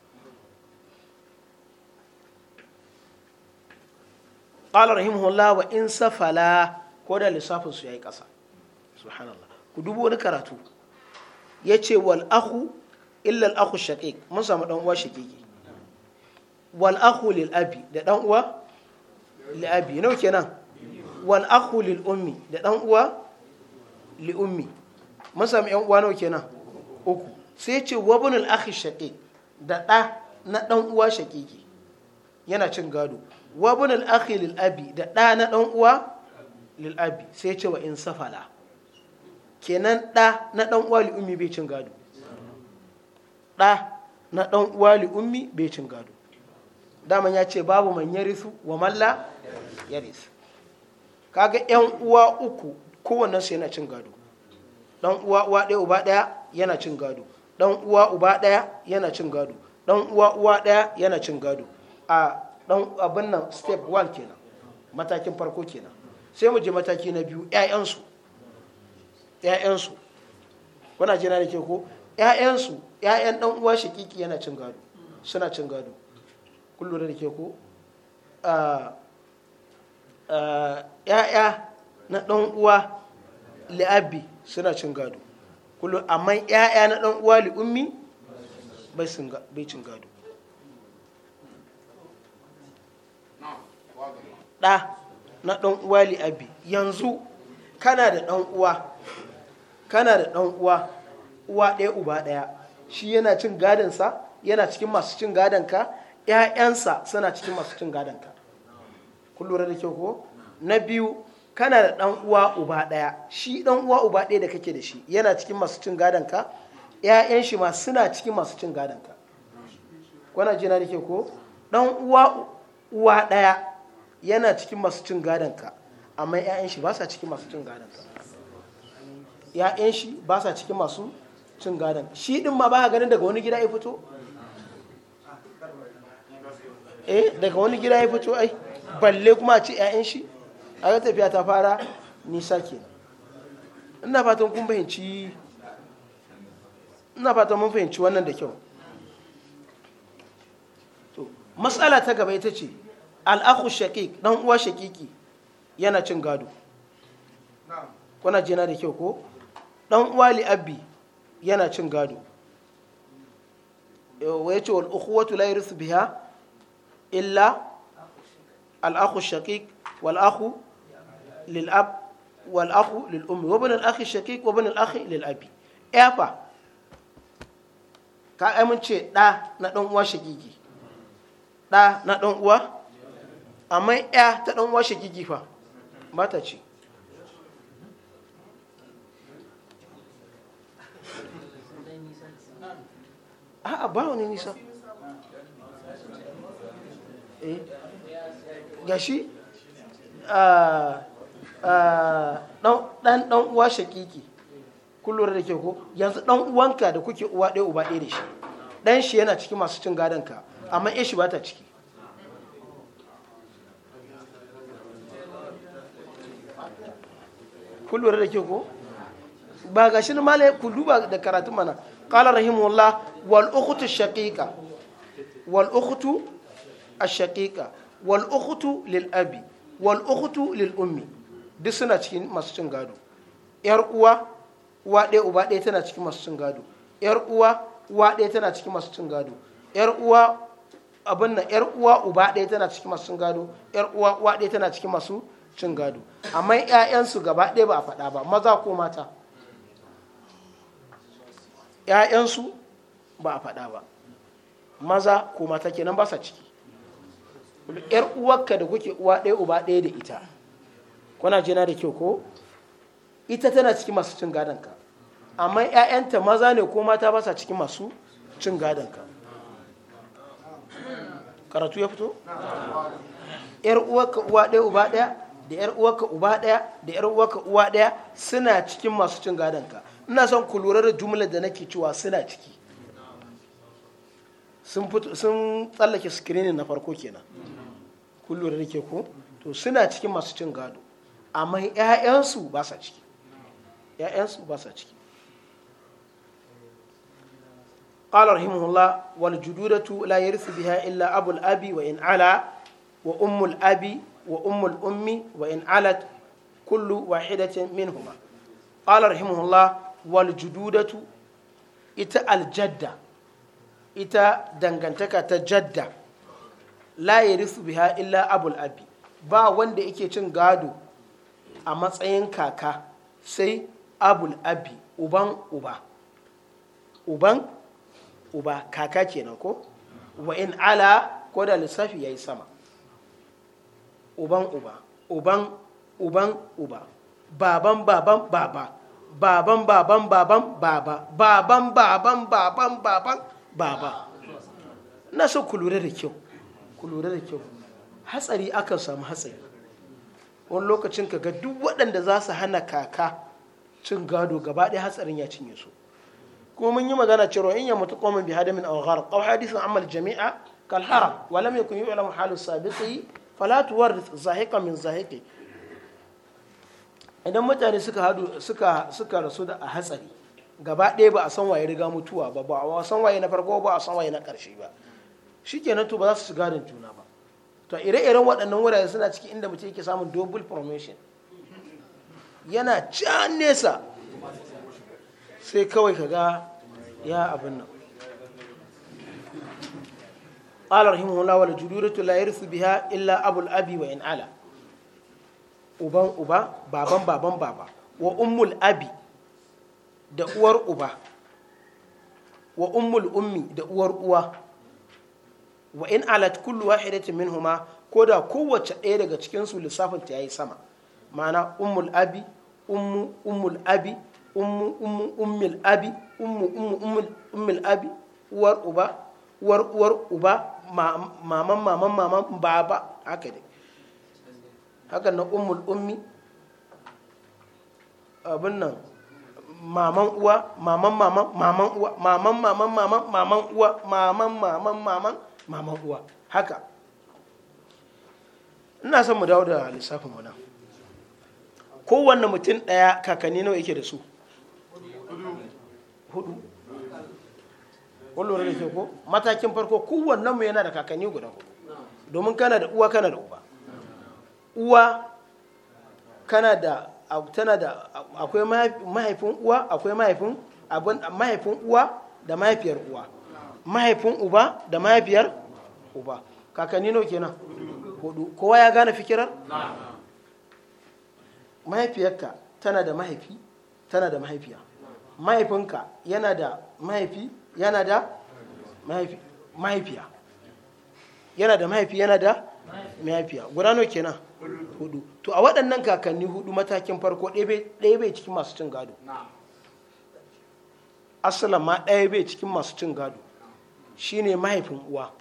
qala rahimahullah wa in safala ko da lissafin su yayi kasa subhanallah ku dubo wani karatu yace wal akhu illa al akhu shaqiq mun samu dan uwa shaqiqi wal’ahulil abi da dan uwa li abi nau kenan nan wal’ahulil ummi da dan uwa li ummi mun yan uwa nau nan? uku sai ce wa bunul akhi da ɗa na dan uwa shaqiqi yana cin gado wa bunul akhi lil abi da ɗa na dan uwa lil abi sai ce wa in safala kenan ɗa na dan uwa li ummi bai cin gado Ɗa na dan uwa li ummi bai cin gado daman ya ce babu man yarisu wa malla yarisu kaga yan uwa uku kowanne su yana cin gado dan uwa uwa ɗaya uba ɗaya yana cin gado dan uwa uba ɗaya yana cin gado dan uwa uwa ɗaya yana cin gado a dan abin nan step 1 kenan matakin farko kenan sai mu je mataki na biyu su ƴaƴan su kuna jira da ke ko su ƴaƴan dan uwa shakiki yana cin gado suna cin gado kullum da ke ko ‘ya'ya na ɗan uwa li'abi suna cin gado amma ‘ya'ya na ɗan uwa li'ummi bai cin gado ɗa na ɗan uwa li'abi yanzu kana da ɗan uwa kana da ɗan uwa uwa ɗaya uba ɗaya shi yana cin gadonsa yana cikin masu cin gadonka 'ya'yansa suna cikin masu cin gadonta kun lura da kyau ko na biyu kana da ɗan uwa uba ɗaya shi ɗan uwa uba ɗaya da kake da shi yana cikin masu cin gadonka 'ya'yan shi ma suna cikin masu cin gadonka kwana jina da ke ko ɗan uwa uwa ɗaya yana cikin masu cin gadonka amma 'ya'yan shi ba sa cikin masu cin gadonka 'ya'yan shi ba sa cikin masu cin gadon shi ɗin ma ba ganin daga wani gida ya fito eh daga wani gida ya fito ai balle kuma a ci 'ya'yan shi a ga tafiya ta fara nisa ke ina fatan kun fahimci ina fatan mun fahimci wannan da kyau to matsala ta gaba ita ce al'akhu shaqiq dan uwa shaqiqi yana cin gado kuna jina da kyau ko dan uwa li abbi yana cin gado wa yace wal ukhuwatu la yarithu biha illa al'akhu shakik wal akhu lil ab wal lil ummi wa bin al akhi shaqiq wa bin al akhi lil abi yafa ka amince ɗa na ɗan uwa shakiki ɗa na ɗan uwa amma ya ta ɗan uwa shakiki fa ba ta ce a ba wani nisa Eh, gashi ah, ah, dan dan uwa shakiki kullum da ke ko yanzu dan uwanka da kuke uwa ɗaya uba ɗaya da shi dan shi yana ciki masu cin gadon ka amma ya shi ta ciki kullum da ke ko ba ga shi mala ku duba da karatun mana qala rahimullah wal ukhtu shaqiqa wal ukhtu ashaqiqa wal ukhtu lil abi wal ukhtu lil ummi duk suna cikin masu cin gado yar uwa uwa ɗaya uba ɗaya tana cikin masu cin gado yar uwa uwa ɗaya tana cikin masu cin gado yar uwa abin nan yar uwa uba ɗaya tana cikin masu cin gado yar uwa uwa ɗaya tana cikin masu cin gado amma ƴaƴansu gaba ɗaya ba a faɗa ba maza ko mata ƴaƴansu ba a faɗa ba maza ko mata kenan ba sa ciki yar uwarka da kuke uwa ɗaya uba ɗaya da ita kuna jina da kyau ko ita tana cikin masu cin gadon ka amma 'ya'yanta maza ne ko mata ba sa cikin masu cin gadon ka karatu ya fito yar uwarka uwa ɗaya uba ɗaya da yar uwarka uba ɗaya da yar uwarka uwa ɗaya suna cikin masu cin gadon ka ina son ku lura da jumlar da nake cewa suna ciki sun tsallake screening na farko kenan kun lura da ke ko to suna cikin masu cin gado amma 'ya'yansu ba sa ciki 'ya'yansu ba sa ciki قال رحمه الله والجدودة لا يرث بها إلا أبو الأب وإن علا وأم الأب وأم الأم وإن علت كل واحدة منهما قال رحمه الله والجدودة إتا الجدة إتا دنغنتك تجدة la risu biha illa abul abi ba wanda yake cin gado a matsayin kaka sai abul abi uban uba uban uba kaka kenan ko wa in ala ko da lissafi yayi sama uban uba uban uban uba baban baban baba baban baban baban baba baban baban baban baban baba na su da kyau ku lura da kyau hatsari aka samu hatsari wani lokacin ka ga duk waɗanda za su hana kaka cin gado gaba ɗaya hatsarin ya cinye su kuma mun yi magana cewa in ya mutu komin bi hadamin aw gharq aw amal jami'a kal haram wa lam yakun yu'lamu halu sabiqi fala tuwarith zahiqan min zahiqi idan mutane suka hadu suka suka rasu da a hatsari gaba ɗaya ba a san waye riga mutuwa ba ba a san waye na farko ba a san waye na ƙarshe ba shikenan to ba za su shiga da juna ba to ire-iren waɗannan wurare suna ciki inda mutum yake samun double promotion yana can nesa sai kawai ka ga ya abin nan قال رحمه الله والجدورة لا يرث بها إلا أبو الأبي وإن على uban uba baban baban baba wa ummul abi da uwar uba wa ummul ummi da uwar uwa wa in alat kullu wahidatin minhuma ko da kowace ɗaya daga cikin su lissafin ta yayi sama ma'ana ummul abi ummu ummul abi ummu ummu ummul abi ummu ummu ummul abi uwar uba uwar uwar uba maman maman maman baba haka dai haka na ummul ummi abin nan maman uwa maman maman maman uwa maman maman maman maman uwa maman maman maman maman uwa haka ina son mu dawo da lissafin mu nan kowanne mutum ɗaya kakanni nawa yake da su hudu wallon da ke ko matakin farko kowannen mu yana da kakanni guda hudu domin kana da uwa kana da uba uwa kana da tana da akwai mahaifin uwa akwai mahaifin abin mahaifin uwa da mahaifiyar uwa mahaifin uba da mahaifiyar uba kakanni nau kenan hudu kowa ya gane fikirar mahaifiyarka tana da mahaifi tana da mahaifiya mahaifinka yana da mahaifi yana da mahaifiya yana da mahaifi yana da mahaifiya guda nau kenan hudu to a waɗannan kakanni hudu matakin farko ɗaya bai cikin masu cin gado asalama ɗaya bai cikin masu cin gado Shi ne mahaifin uwa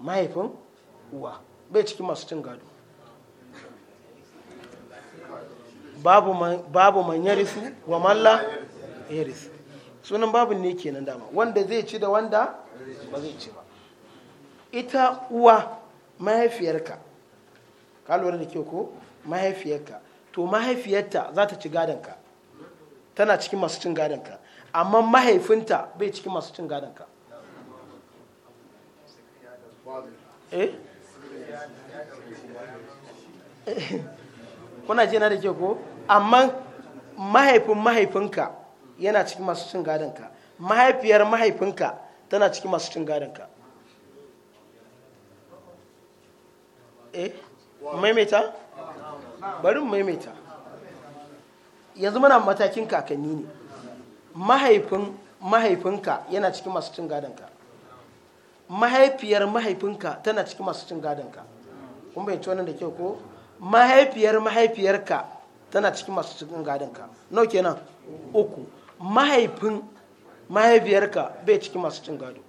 mahaifin uwa bai cikin masu cin gado babu man yarisu wa malla yarisu sunan babin ne kenan dama wanda zai ci da wanda ba zai ci ba ita uwa mahaifiyarka ka lura da kyau ko mahaifiyarka to mahaifiyarta za ta ci gadonka tana cikin masu cin gadonka amma mahaifinta bai cikin masu cin gadon ka eh? eh, kuna jina da ke ko amma mahaifin mahaifinka yana cikin masu cin gadon ka mahaifiyar mahaifinka tana cikin masu cin gadon ka eh maimaita bari maimaita yanzu mana matakin kakanni ne mahaifin mahaifinka yana cikin masu cin gadonka mahaifiyar mahaifinka tana cikin masu cin gadonka kuma bayanci wannan da kyau ko mahaifiyar mahaifiyarka tana cikin masu cin gadonka nau kenan uku mahaifin mahaifiyarka bai cikin masu cin gado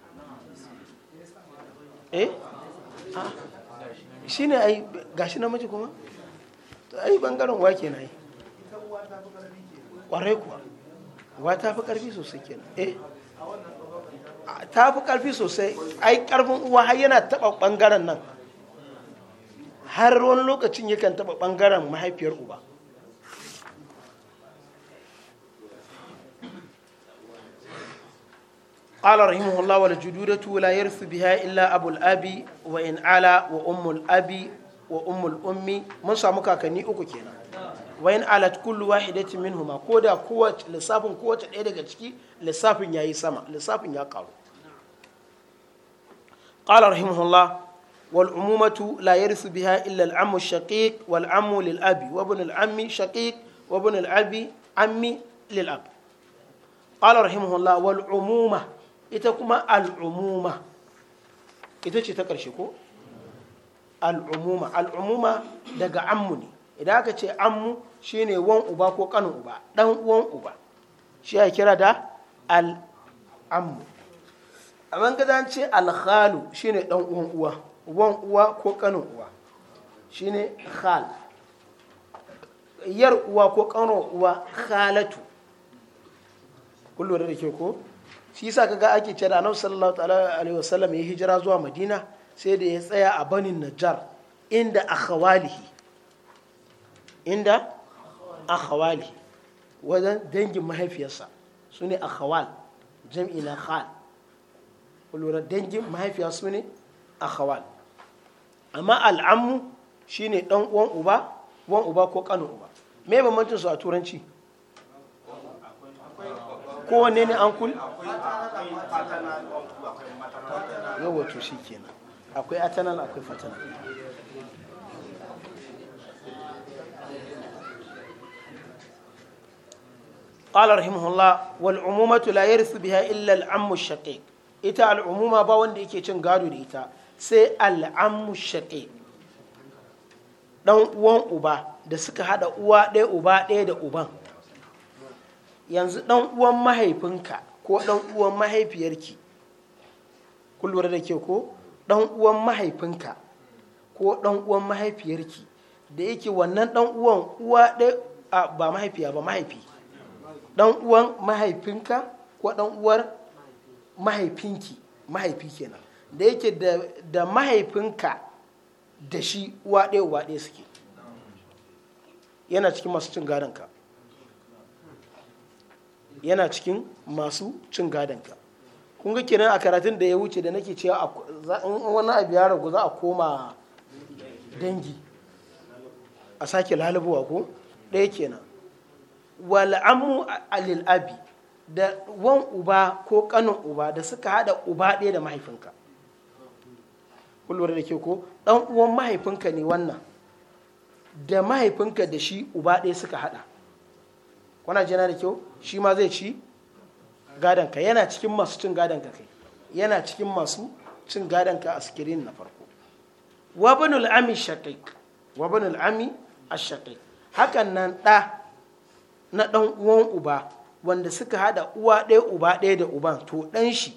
eh shi ne ai gashi namiji kuma ai bangaren wa na yi kwarai kuwa wa ta fi ƙarfi sosai kenan eh ta fi ƙarfi sosai ai ƙarfin uwa har yana taba bangaren nan har wani lokacin yakan taɓa ɓangaren mahaifiyar uba ƙalar rahimu Allah wa lajududatu la yarsu biha illa abul abi wa in ala wa ummul abi wa ummul ummi mun samu kakanni uku kenan wa in alat kullu wahidatin minhuma ko da kowace lissafin kowace ɗaya daga ciki lissafin yayi sama lissafin ya karu qala rahimahullah wal umumatu la yarithu biha illa al ammu shaqiq wal ammu lil abi wa ibn al ammi shaqiq wa ibn al abi ammi lil ab qala rahimahullah wal umuma ita kuma al umuma ita ce ta karshe ko al umuma al umuma daga ammu idan aka ce ammu shine wan uba ko kanin uba dan uwan uba shi ya kira da al ammu amma ga ce al khalu shine dan uwan uwa wan uwa ko kanin uwa shine khal yar uwa ko kanin uwa khalatu kullu da ke ko shi yasa kaga ake cewa annabi sallallahu alaihi wasallam ya hijira zuwa madina sai da ya tsaya a banin najjar inda akhawalihi inda akhawali wajen dangin mahaifiyarsa su ne akhawal jam'i na khal lura dangin mahaifiya su ne akhawal amma al'ammu shine ɗan uwan uba uwan uba ko kanin uba me bambancin su a turanci kowanne ne an kul yawa akwai matanar akwai matanar akwai قال رحمه الله والعمومة لا يرث بها إلا العم الشقيق إتا العمومة با دي كي تشن غادو دي إتا سي العم الشقيق دون وان أبا da suka hada أبا ɗaya uba ɗaya da uban yanzu ɗan uwan mahaifinka ko ɗan uwan mahaifiyarki ku lura da ke ko ɗan uwan بنكا ko ɗan uwan mahaifiyarki da yake wannan ɗan uwan uwa ɗaya ba mahaifiya ba mahaifi dan uwan mahaifinka ko dan uwar mahaifinki mahaifi kenan da yake da mahaifinka da shi uwa ɗaya uwa ɗaya suke yana cikin masu cin gadonka yana cikin masu cin gadonka kun ga kenan a karatun da ya wuce da nake cewa wani abu ya ragu za a koma dangi a sake lalubuwa ko ɗaya kenan wal'amu ammu alil abi da wan uba ko kanin uba da suka hada uba ɗaya da mahaifinka kullum da ke ko dan uwan mahaifinka ne wannan da mahaifinka da shi uba ɗaya suka hada kwana jina da kyau shi ma zai ci gadonka yana cikin masu cin gadonka kai yana cikin masu cin gadonka a sikirin na farko wabanul ami shaqiq wabanul ami ashaqiq hakan nan ɗa na ɗan uwan uba wanda suka haɗa uwa ɗaya uba ɗaya da uban to ɗan shi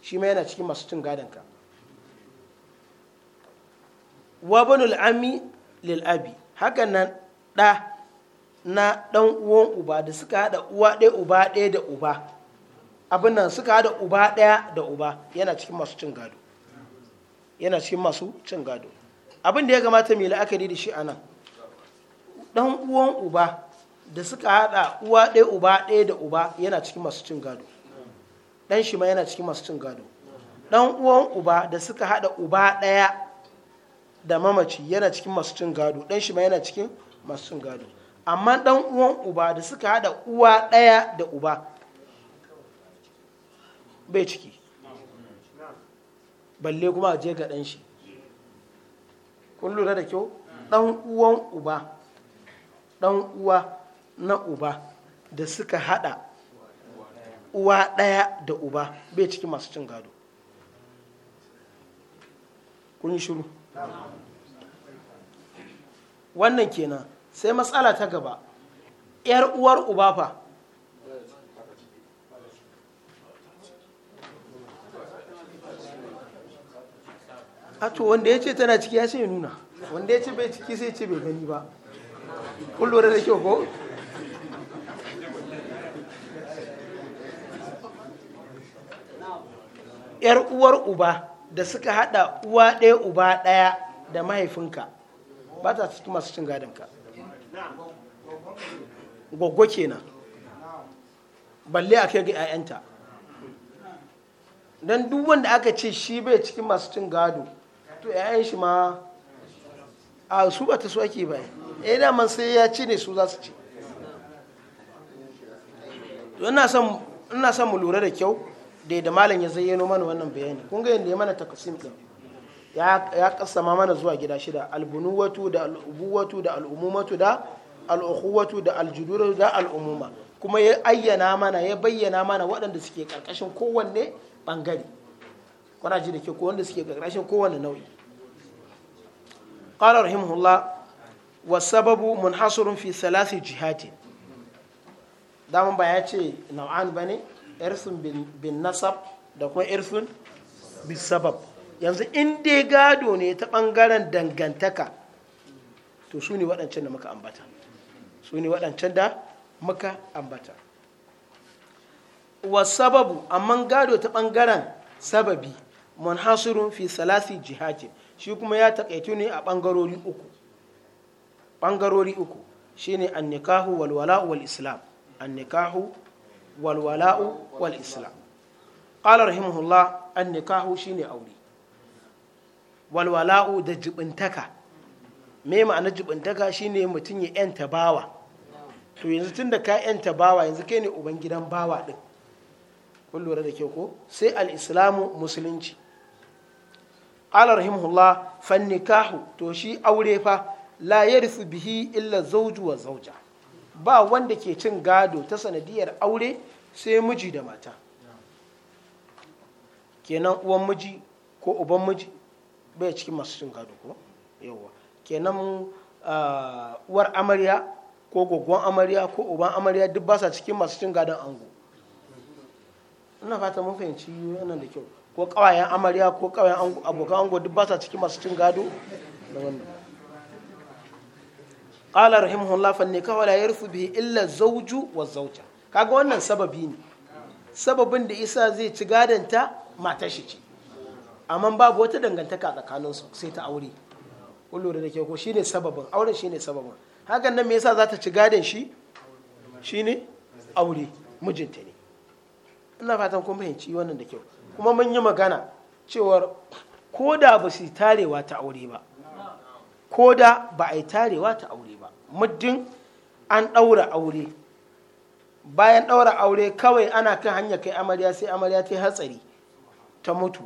shi ma yana cikin masu cin gadon ka wabanul ami lil abi haka nan ɗa na ɗan uwan uba da suka haɗa uwa ɗaya uba ɗaya da uba abin nan suka haɗa uba ɗaya da uba yana cikin masu cin gado yana cikin masu cin gado abin da ya kamata mai la'akari da shi a nan ɗan uwan uba da suka haɗa uwa ɗaya uba ɗaya da uba yana cikin masu cin gado ɗan shi ma yana cikin masu cin gado ɗan uwan uba da suka haɗa uba ɗaya da mamaci yana cikin masu cin gado ɗan shi ma yana cikin masu cin gado amma ɗan uwan uba da suka haɗa uwa ɗaya da uba bai ciki balle kuma a je ga ɗan shi kun lura da kyau ɗan uwan uba ɗan uwa na uba da suka hada uwa ɗaya da uba bai cikin masu cin gado kun yi shiru wannan kenan sai matsala ta gaba ‘yar uwar uba fa ato wanda ya ce tana ciki ya ce nuna wanda ya ce bai ciki sai ce bai gani ba kullum da kyau ko? 'yar uwar uba da suka hada uwa ɗaya uba ɗaya da mahaifinka ba ta cikin masu cin gadonka gwaggwa kenan balle a kai ga 'ya'yanta don duk wanda aka ce shi bai cikin masu cin gado to 'ya'yan shi ma a su ba ta soke ake bai ya eh, daman sai ya ci ne su za su ci ina son mu lura da kyau da da malam ya zayyano mana wannan bayani kun ga yadda ya mana takasim din ya kasama mana zuwa gida shida albunuwatu da al'ubuwatu da al'umumatu da al'ukhuwatu da aljudura da al'umuma kuma ya ayyana mana ya bayyana mana waɗanda suke karkashin kowanne bangare kuna ji da ke ko wanda suke karkashin kowanne nau'i qala rahimahullah wa sababu munhasirun fi salasi jihadi. daman ba ya ce nau'an bane irsun bin nasab da kuma irsun bin sabab yanzu inda dai gado ne ta ɓangaren dangantaka to su ne waɗancan da muka ambata su ne waɗancan da muka ambata wa sababu amma gado ta ɓangaren sababi manhasurun fi salasi jihaji shi kuma ya taƙaitu ne a ɓangarori uku ɓangarori uku shine an nikahu walwala wal islam an nikahu walwala'u wal islam qala rahimahullah an nikahu shine aure walwala'u da jibintaka me ma'ana jibintaka shine mutum ya yanta bawa to yanzu tun da ka yanta bawa yanzu kai ne uban gidan bawa din kun lura da kyau ko sai al-islamu musulunci qala rahimahullah fannikahu to shi aure fa la yarisu bihi illa zawju wa zawja ba wanda ke cin gado ta sanadiyar aure sai miji da mata kenan uwan miji ko uban miji bai cikin masu cin gado ko yawa kenan ah, uwar amarya ko gogon amarya ko uban amarya duk ba sa cikin masu cin gadon ango ina fata mun fahimci wannan da kyau ko kawayen amarya ko kawayen abokan ango duk ba sa cikin masu cin gado da wannan qala rahimahullah fa kawai la yarfu bihi illa zawju wa zawja kaga wannan sababi ne sababin da isa zai ci gadanta matar shi ce amma babu wata dangantaka tsakanin su sai ta aure kun da ke ko shine sababin auren shine sababin hakan nan me yasa za ta ci gadan shi shine aure mijinta ne ina fatan kun fahimci wannan da kyau kuma mun yi magana cewar ko da ba su tarewa ta aure ba ko da ba a yi tarewa ta aure muddin an ɗaura aure bayan ɗaura aure kawai ana kan hanya kai amarya sai amarya ta hatsari ta mutu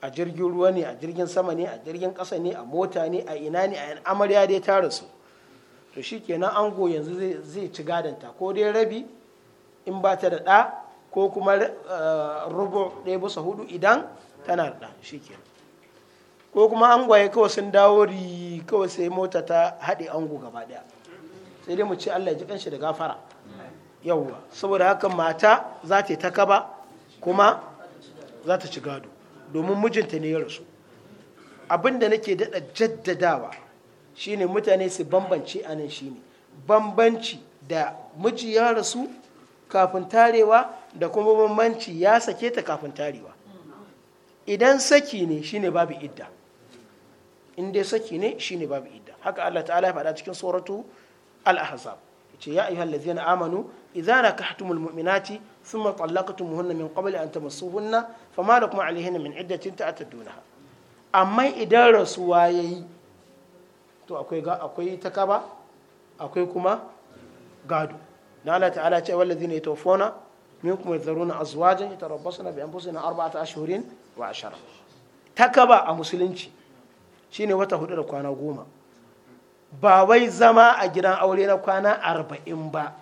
a jirgin ruwa ne a jirgin sama ne a jirgin ƙasa ne a mota ne a ina ne a amarya dai ta rasu to shi kenan ango yanzu zai ci gadanta ko dai rabi in ba ta da ɗa ko kuma eh, rubo ɗaya bisa hudu idan tana da ɗa shi kenan ko kuma gwaye kawai sun dawo ri kawai sai mota ta haɗe ango gaba ɗaya sai dai mu ci allah ya ji kanshi da gafara yawwa saboda haka mata za ta ta kaba kuma za ta ci gado domin mijinta ne ya rasu abin da nake daɗa jaddadawa shine mutane su bambance a nan shine bambanci da miji ya rasu kafin tarewa da kuma bambanci ya sake ta kafin tarewa idan saki ne shine babu idda in dai saki ne shine babu idda haka Allah ta'ala ya faɗa cikin suratu al-ahzab yace ya ayyuhal ladzina amanu idza nakahtumul mu'minati thumma talaqtumuhunna min qabli an tamassuhunna fama lakum alayhinna min iddatin ta'tadunaha amma idan rasuwa yayi to akwai akwai takaba akwai kuma gado na Allah ta'ala ce wal ladzina yatawaffawna minkum yadharuna azwajan yatarabbasuna bi anfusihim arba'ata ashhurin wa ashara takaba a musulunci shine wata hudu da kwana goma ba wai zama a gidan aure na kwana arba'in ba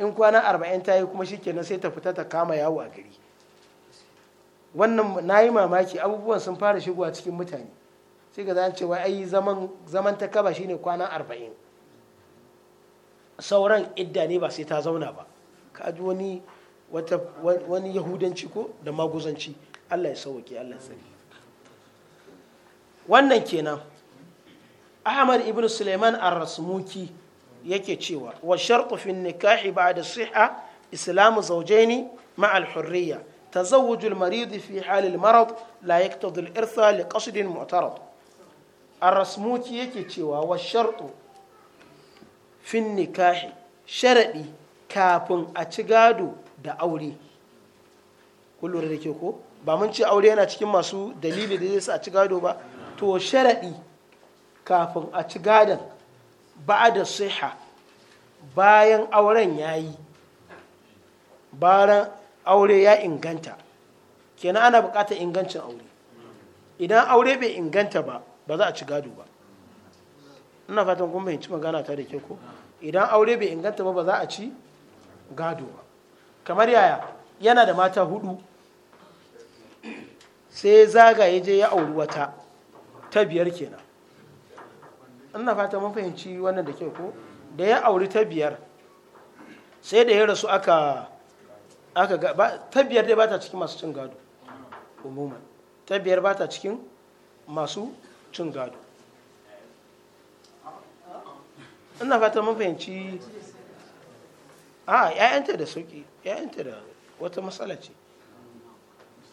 in kwana arba'in ta yi kuma shikenan sai ta fita ta kama yawo a gari wannan na yi mamaki abubuwan sun fara shigowa cikin mutane sai ga zan cewa ai zaman zaman ta kaba shine kwana arba'in sauran idda ne ba sai ta zauna ba ka ji wani yahudanci ko da maguzanci allah ya sauke allah ya tsari wannan kenan ahmad ibn suleiman ar-rasmuki yake cewa wa shartu fi nikahi ba'da siha islamu zawjaini ma al-hurriya تزوج المريض في حال المرض لا يقتضي الإرث لقصد معترض الرسموتي يكي تشوى والشرط في النكاح شرعي كافن أتقادو دا أولي كل ba mun ce aure yana cikin masu dalili da zai sa a ci gado ba to sharaɗi kafin a ci gadon ba da siha bayan auren ya yi bayan aure ya inganta kenan ana buƙatar ingancin aure idan aure bai inganta ba ba za a ci gado ba ina fatan kuma fahimci magana ta da ke ko idan aure bai inganta ba ba za a ci gado ba kamar yaya yana da mata hudu sai zagaye je ya auri wata ta biyar kenan ina fata mun fahimci wannan da ke ko da ya auri ta biyar sai da ya rasu aka aka ta biyar dai ba ta cikin masu cin gado umuman ta biyar ba ta cikin masu cin gado ina fata mun fahimci a ya'yanta da sauki ya'yanta da wata matsala ce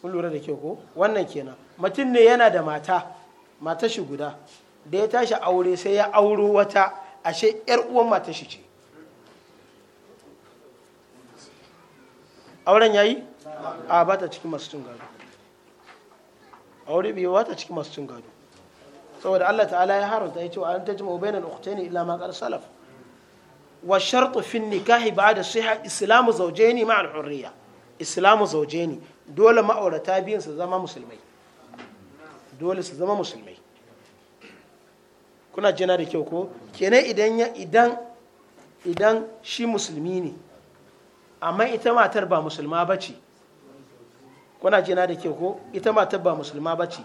kun lura da kyau ko wannan kenan mutum ne yana da mata matar shi guda da ya tashi aure sai ya auro wata ashe yar uwan matar shi ce auren yayi a ba ta cikin masu cin gado aure bai ba ta cikin masu cin gado saboda Allah ta'ala ya haramta ya ce wa an tajma bayna al-ukhtayn illa ma qad salaf wa shartu fi nikahi ba'da sihha islamu zawjaini ma al-hurriya islamu zawjaini dole ma'aurata biyun su zama musulmai dole su zama musulmai kuna jina da kyau ko kenan idan idan idan shi musulmi ne amma ita matar ba musulma ba ce kuna jina da kyau ko ita matar ba musulma ba ce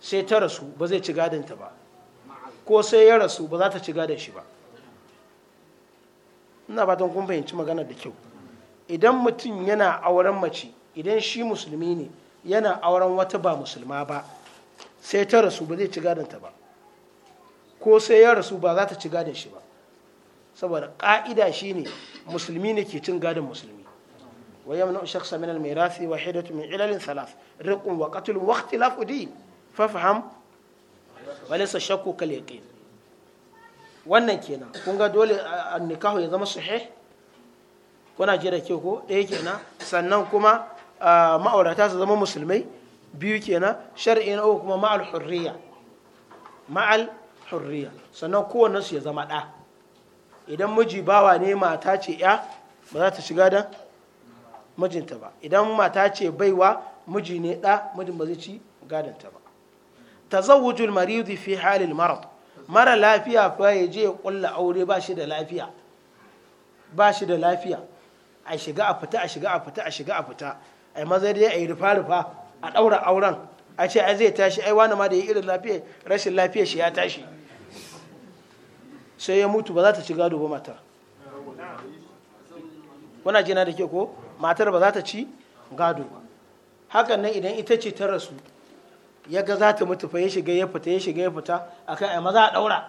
sai ta rasu ba zai ci gadanta ba ko sai ya rasu ba za ta ci gadon shi ba ina ba don kun fahimci magana da kyau idan mutum yana auren mace idan shi musulmi ne yana auren wata ba musulma ba sai ta rasu ba zai ci gadonta ba ko sai ya rasu ba za ta ci gadon shi ba saboda ƙa'ida shi ne musulmi ne ke cin gadon musulmi wa yamna shakhsa min al-mirath wahidatu min ilalin thalath riqun wa qatl wa ikhtilaf din fafham wa laysa shakku kal yaqin wannan kenan kun ga dole an-nikahu ya zama sahih kuna jira ke ko ɗaya kenan sannan kuma ma'aurata su zama musulmai biyu kenan shar'i na uku kuma ma'al hurriya ma'al hurriya sannan kowanne su ya zama ɗa idan miji bawa ne mata ce ya ba za ta shiga da mijinta ba idan mata ce baiwa miji ne ɗa mijin ba zai ci gadanta ba ta tazawujul maridi fi halin marad mara lafiya fa ya je ya kulla aure ba shi da lafiya ba shi da lafiya a shiga a fita a shiga a fita a shiga a fita a maza dai a yi rufa rufa a ɗaura auren a ce ai zai tashi ai wani ma da ya irin lafiya rashin lafiya shi ya tashi sai ya mutu ba za ta ci gado ba matar wana jina da ke ko matar ba za ta ci gado ba hakan nan idan ita ce ta rasu ya ga za ta mutu fa ya shiga ya fita ya shiga ya fita kan aima maza a daura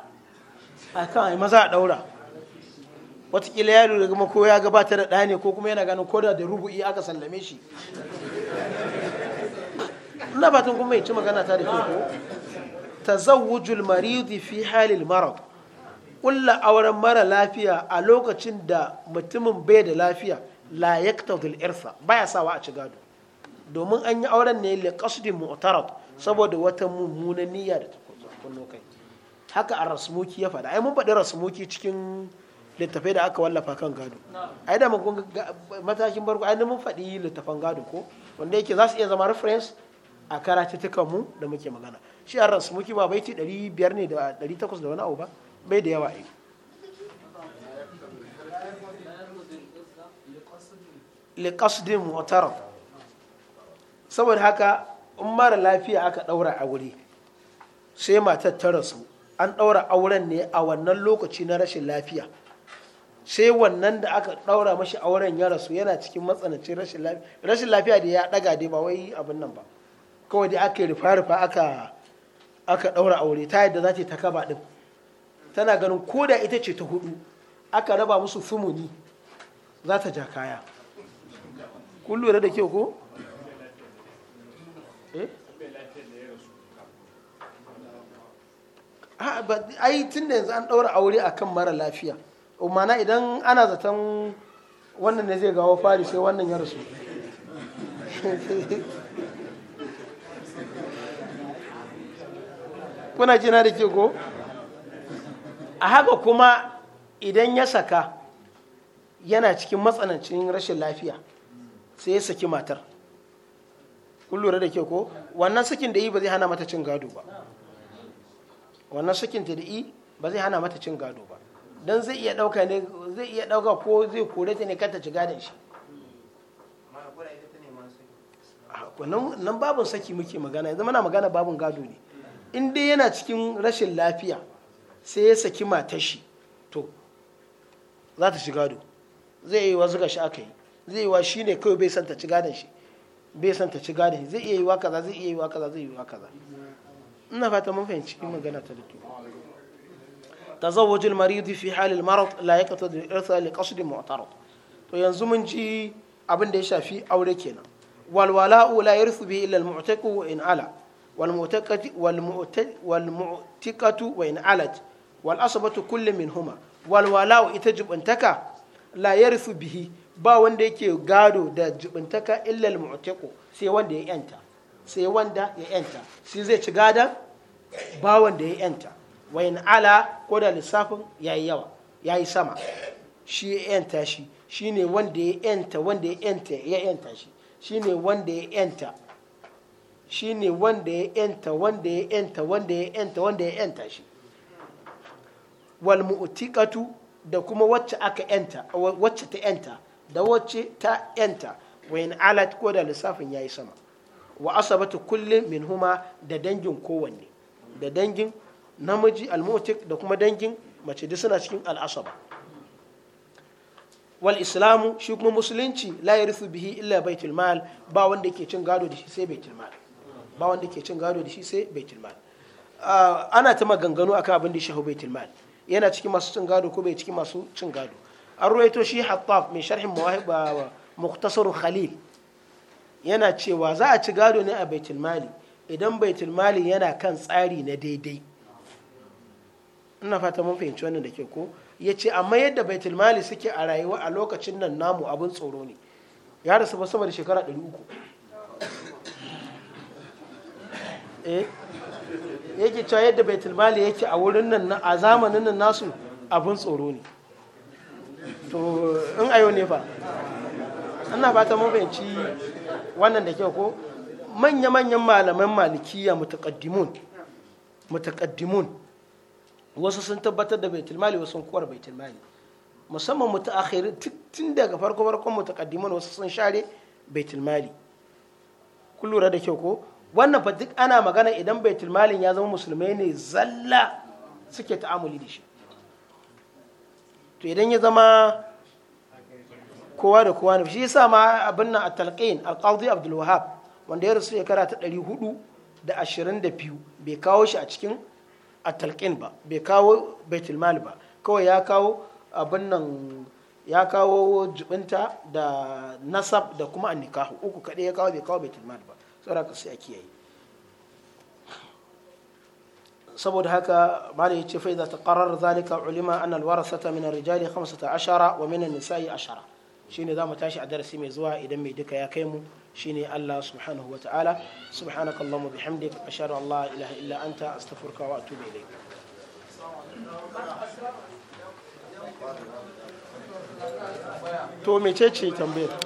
kan aima maza a daura watakila ya lura kuma ko ya gabata da ɗaya ne ko kuma yana ganin koda da rubu'i aka sallame shi ina fatan kuma ci magana ta da kyau ko tazawwujul marid fi halil marad kulla auren mara lafiya a lokacin da mutumin bai da lafiya la yaktadul irsa baya sawa a ci gado domin an yi auren ne li qasdi mu'tarad saboda wata mummunan niyya da ta kunno kai haka a rasmuki ya faɗa ai mun faɗi rasmuki cikin littafai da aka wallafa kan gado ai da matakin barko ai mun faɗi littafan gado ko wanda yake za su iya zama reference a karatattakan mu da muke magana shi an rasu muke ba baiti 500 ne da 800 da wani abu ba bai da yawa ai liƙasdin motar saboda haka in mara lafiya aka daura a wuri sai matar ta rasu an daura auren ne a wannan lokaci na rashin lafiya sai wannan da aka daura mashi auren ya rasu yana cikin matsanancin rashin lafiya da ya daga dai ba wai abin nan ba kawai da aka rufa-rufa aka ɗaura aure ta yadda za ta ta kaba ɗin tana ganin ko da ita ce ta hudu aka raba musu sumuni za ta ja kaya kun lura da kyau ko? Eh? ai tun da yanzu an ɗaura aure a kan mara lafiya umana idan ana zaton wannan ne zai gawo fari sai wannan ya rasu kuna jina da ke ko a haka kuma idan ya saka yana cikin matsanancin rashin lafiya sai ya saki matar kun lura da ke ko wannan sakin da yi ba zai hana mata cin gado ba wannan sakin da yi ba zai hana mata cin gado ba don zai iya dauka ne zai iya dauka ko zai kore ta ne kanta ci gadon shi wannan babin saki muke magana yanzu muna magana babin gado ne in dai yana cikin rashin lafiya sai ya saki matashi shi to za ta shiga do zai yi wa zuga shi aka yi zai yi wa shi ne kawai bai santa ta ci gadon shi bai santa ci gadon shi zai iya yi wa kaza zai iya yi wa kaza zai yi wa kaza ina fata mun fahimci magana ta dake fi المريض في حال da irsa da kasu da mawatarot to yanzu mun ji abin da ya shafi aure kenan walwala'u la yarthu bihi illa al-mu'taqu in ala والمؤتقة وإن علت والأصبة كل منهما والولاء إتجب أنتك لا يرث به ba wanda yake gado da jibintaka illal mu'tiqu sai wanda ya yanta sai wanda ya yanta shi zai ci gado ba wanda ya yanta wa ala ko da lissafin yayi yawa yayi sama shi ya yanta shi shine wanda ya yanta wanda ya yanta ya yanta shi shine wanda ya yanta Shi ne wanda ya yanta wanda ya yanta wanda ya yanta wanda ya yanta shi walmu'tiqatu da kuma wacce aka yanta wacce ta yanta da wacce ta yanta wa alat ko da lissafin yayi sama wa asabatu kullum min huma da dangin kowanne da dangin namiji almu'tiq da kuma dangin mace duk suna cikin al'asaba wal islamu shi kuma musulunci la yarisu bihi illa baitul mal ba wanda ke cin gado da shi sai baitul mal ba wanda ke cin gado da shi sai baitul mal ah, ana ta maganganu akan abin da ya shafi baitul mal yana cikin masu cin gado ko bai cikin masu cin gado an ruwaito shi hattaf mai sharhin mawahib muktasar khalil yana cewa za a ci gado ne a baitul idan baitul yana kan tsari na daidai ina fata mun fahimci wannan da ke ko ya ce amma yadda baitul suke a rayuwa a lokacin nan namu abin tsoro ne ya rasu ba sama da shekara 300 eh yake cewa yadda baitul mali yake a wurin nan a zamanin nan nasu abin tsoro ne to in ayo ne fa ana fata mun fahimci wannan da kyau ko manya-manyan malaman malikiya mutakaddimun mutakaddimun wasu sun tabbatar da baitul mali wasu sun kuwar baitul mali musamman mutaakhirin tun daga farko farkon mutakaddimun wasu sun share baitul mali kun lura da kyau ko wannan fa ana magana idan baitul malin ya zama musulmai ne zalla suke ta'amuli da shi to idan ya zama kowa da kowa ne shi yasa ma abin nan at-talqin al-qadi wanda ya rasu shekara ta da 422 bai kawo shi a cikin at ba bai kawo baitul mal ba kawai ya kawo abin nan ya kawo jibinta da nasab da kuma annikahu uku kaɗai ya kawo bai kawo baitul mal ba tsara ka sai a kiyaye saboda haka malai ce fa idza taqarrar zalika ulima an al warasata min ar rijali 15 wa min an nisa'i 10 shine zamu tashi a darasi mai zuwa idan mai duka ya kai mu shine Allah subhanahu wa ta'ala subhanaka allahumma bihamdika ashhadu an la ilaha illa anta astaghfiruka wa atubu ilayk to mecece tambayar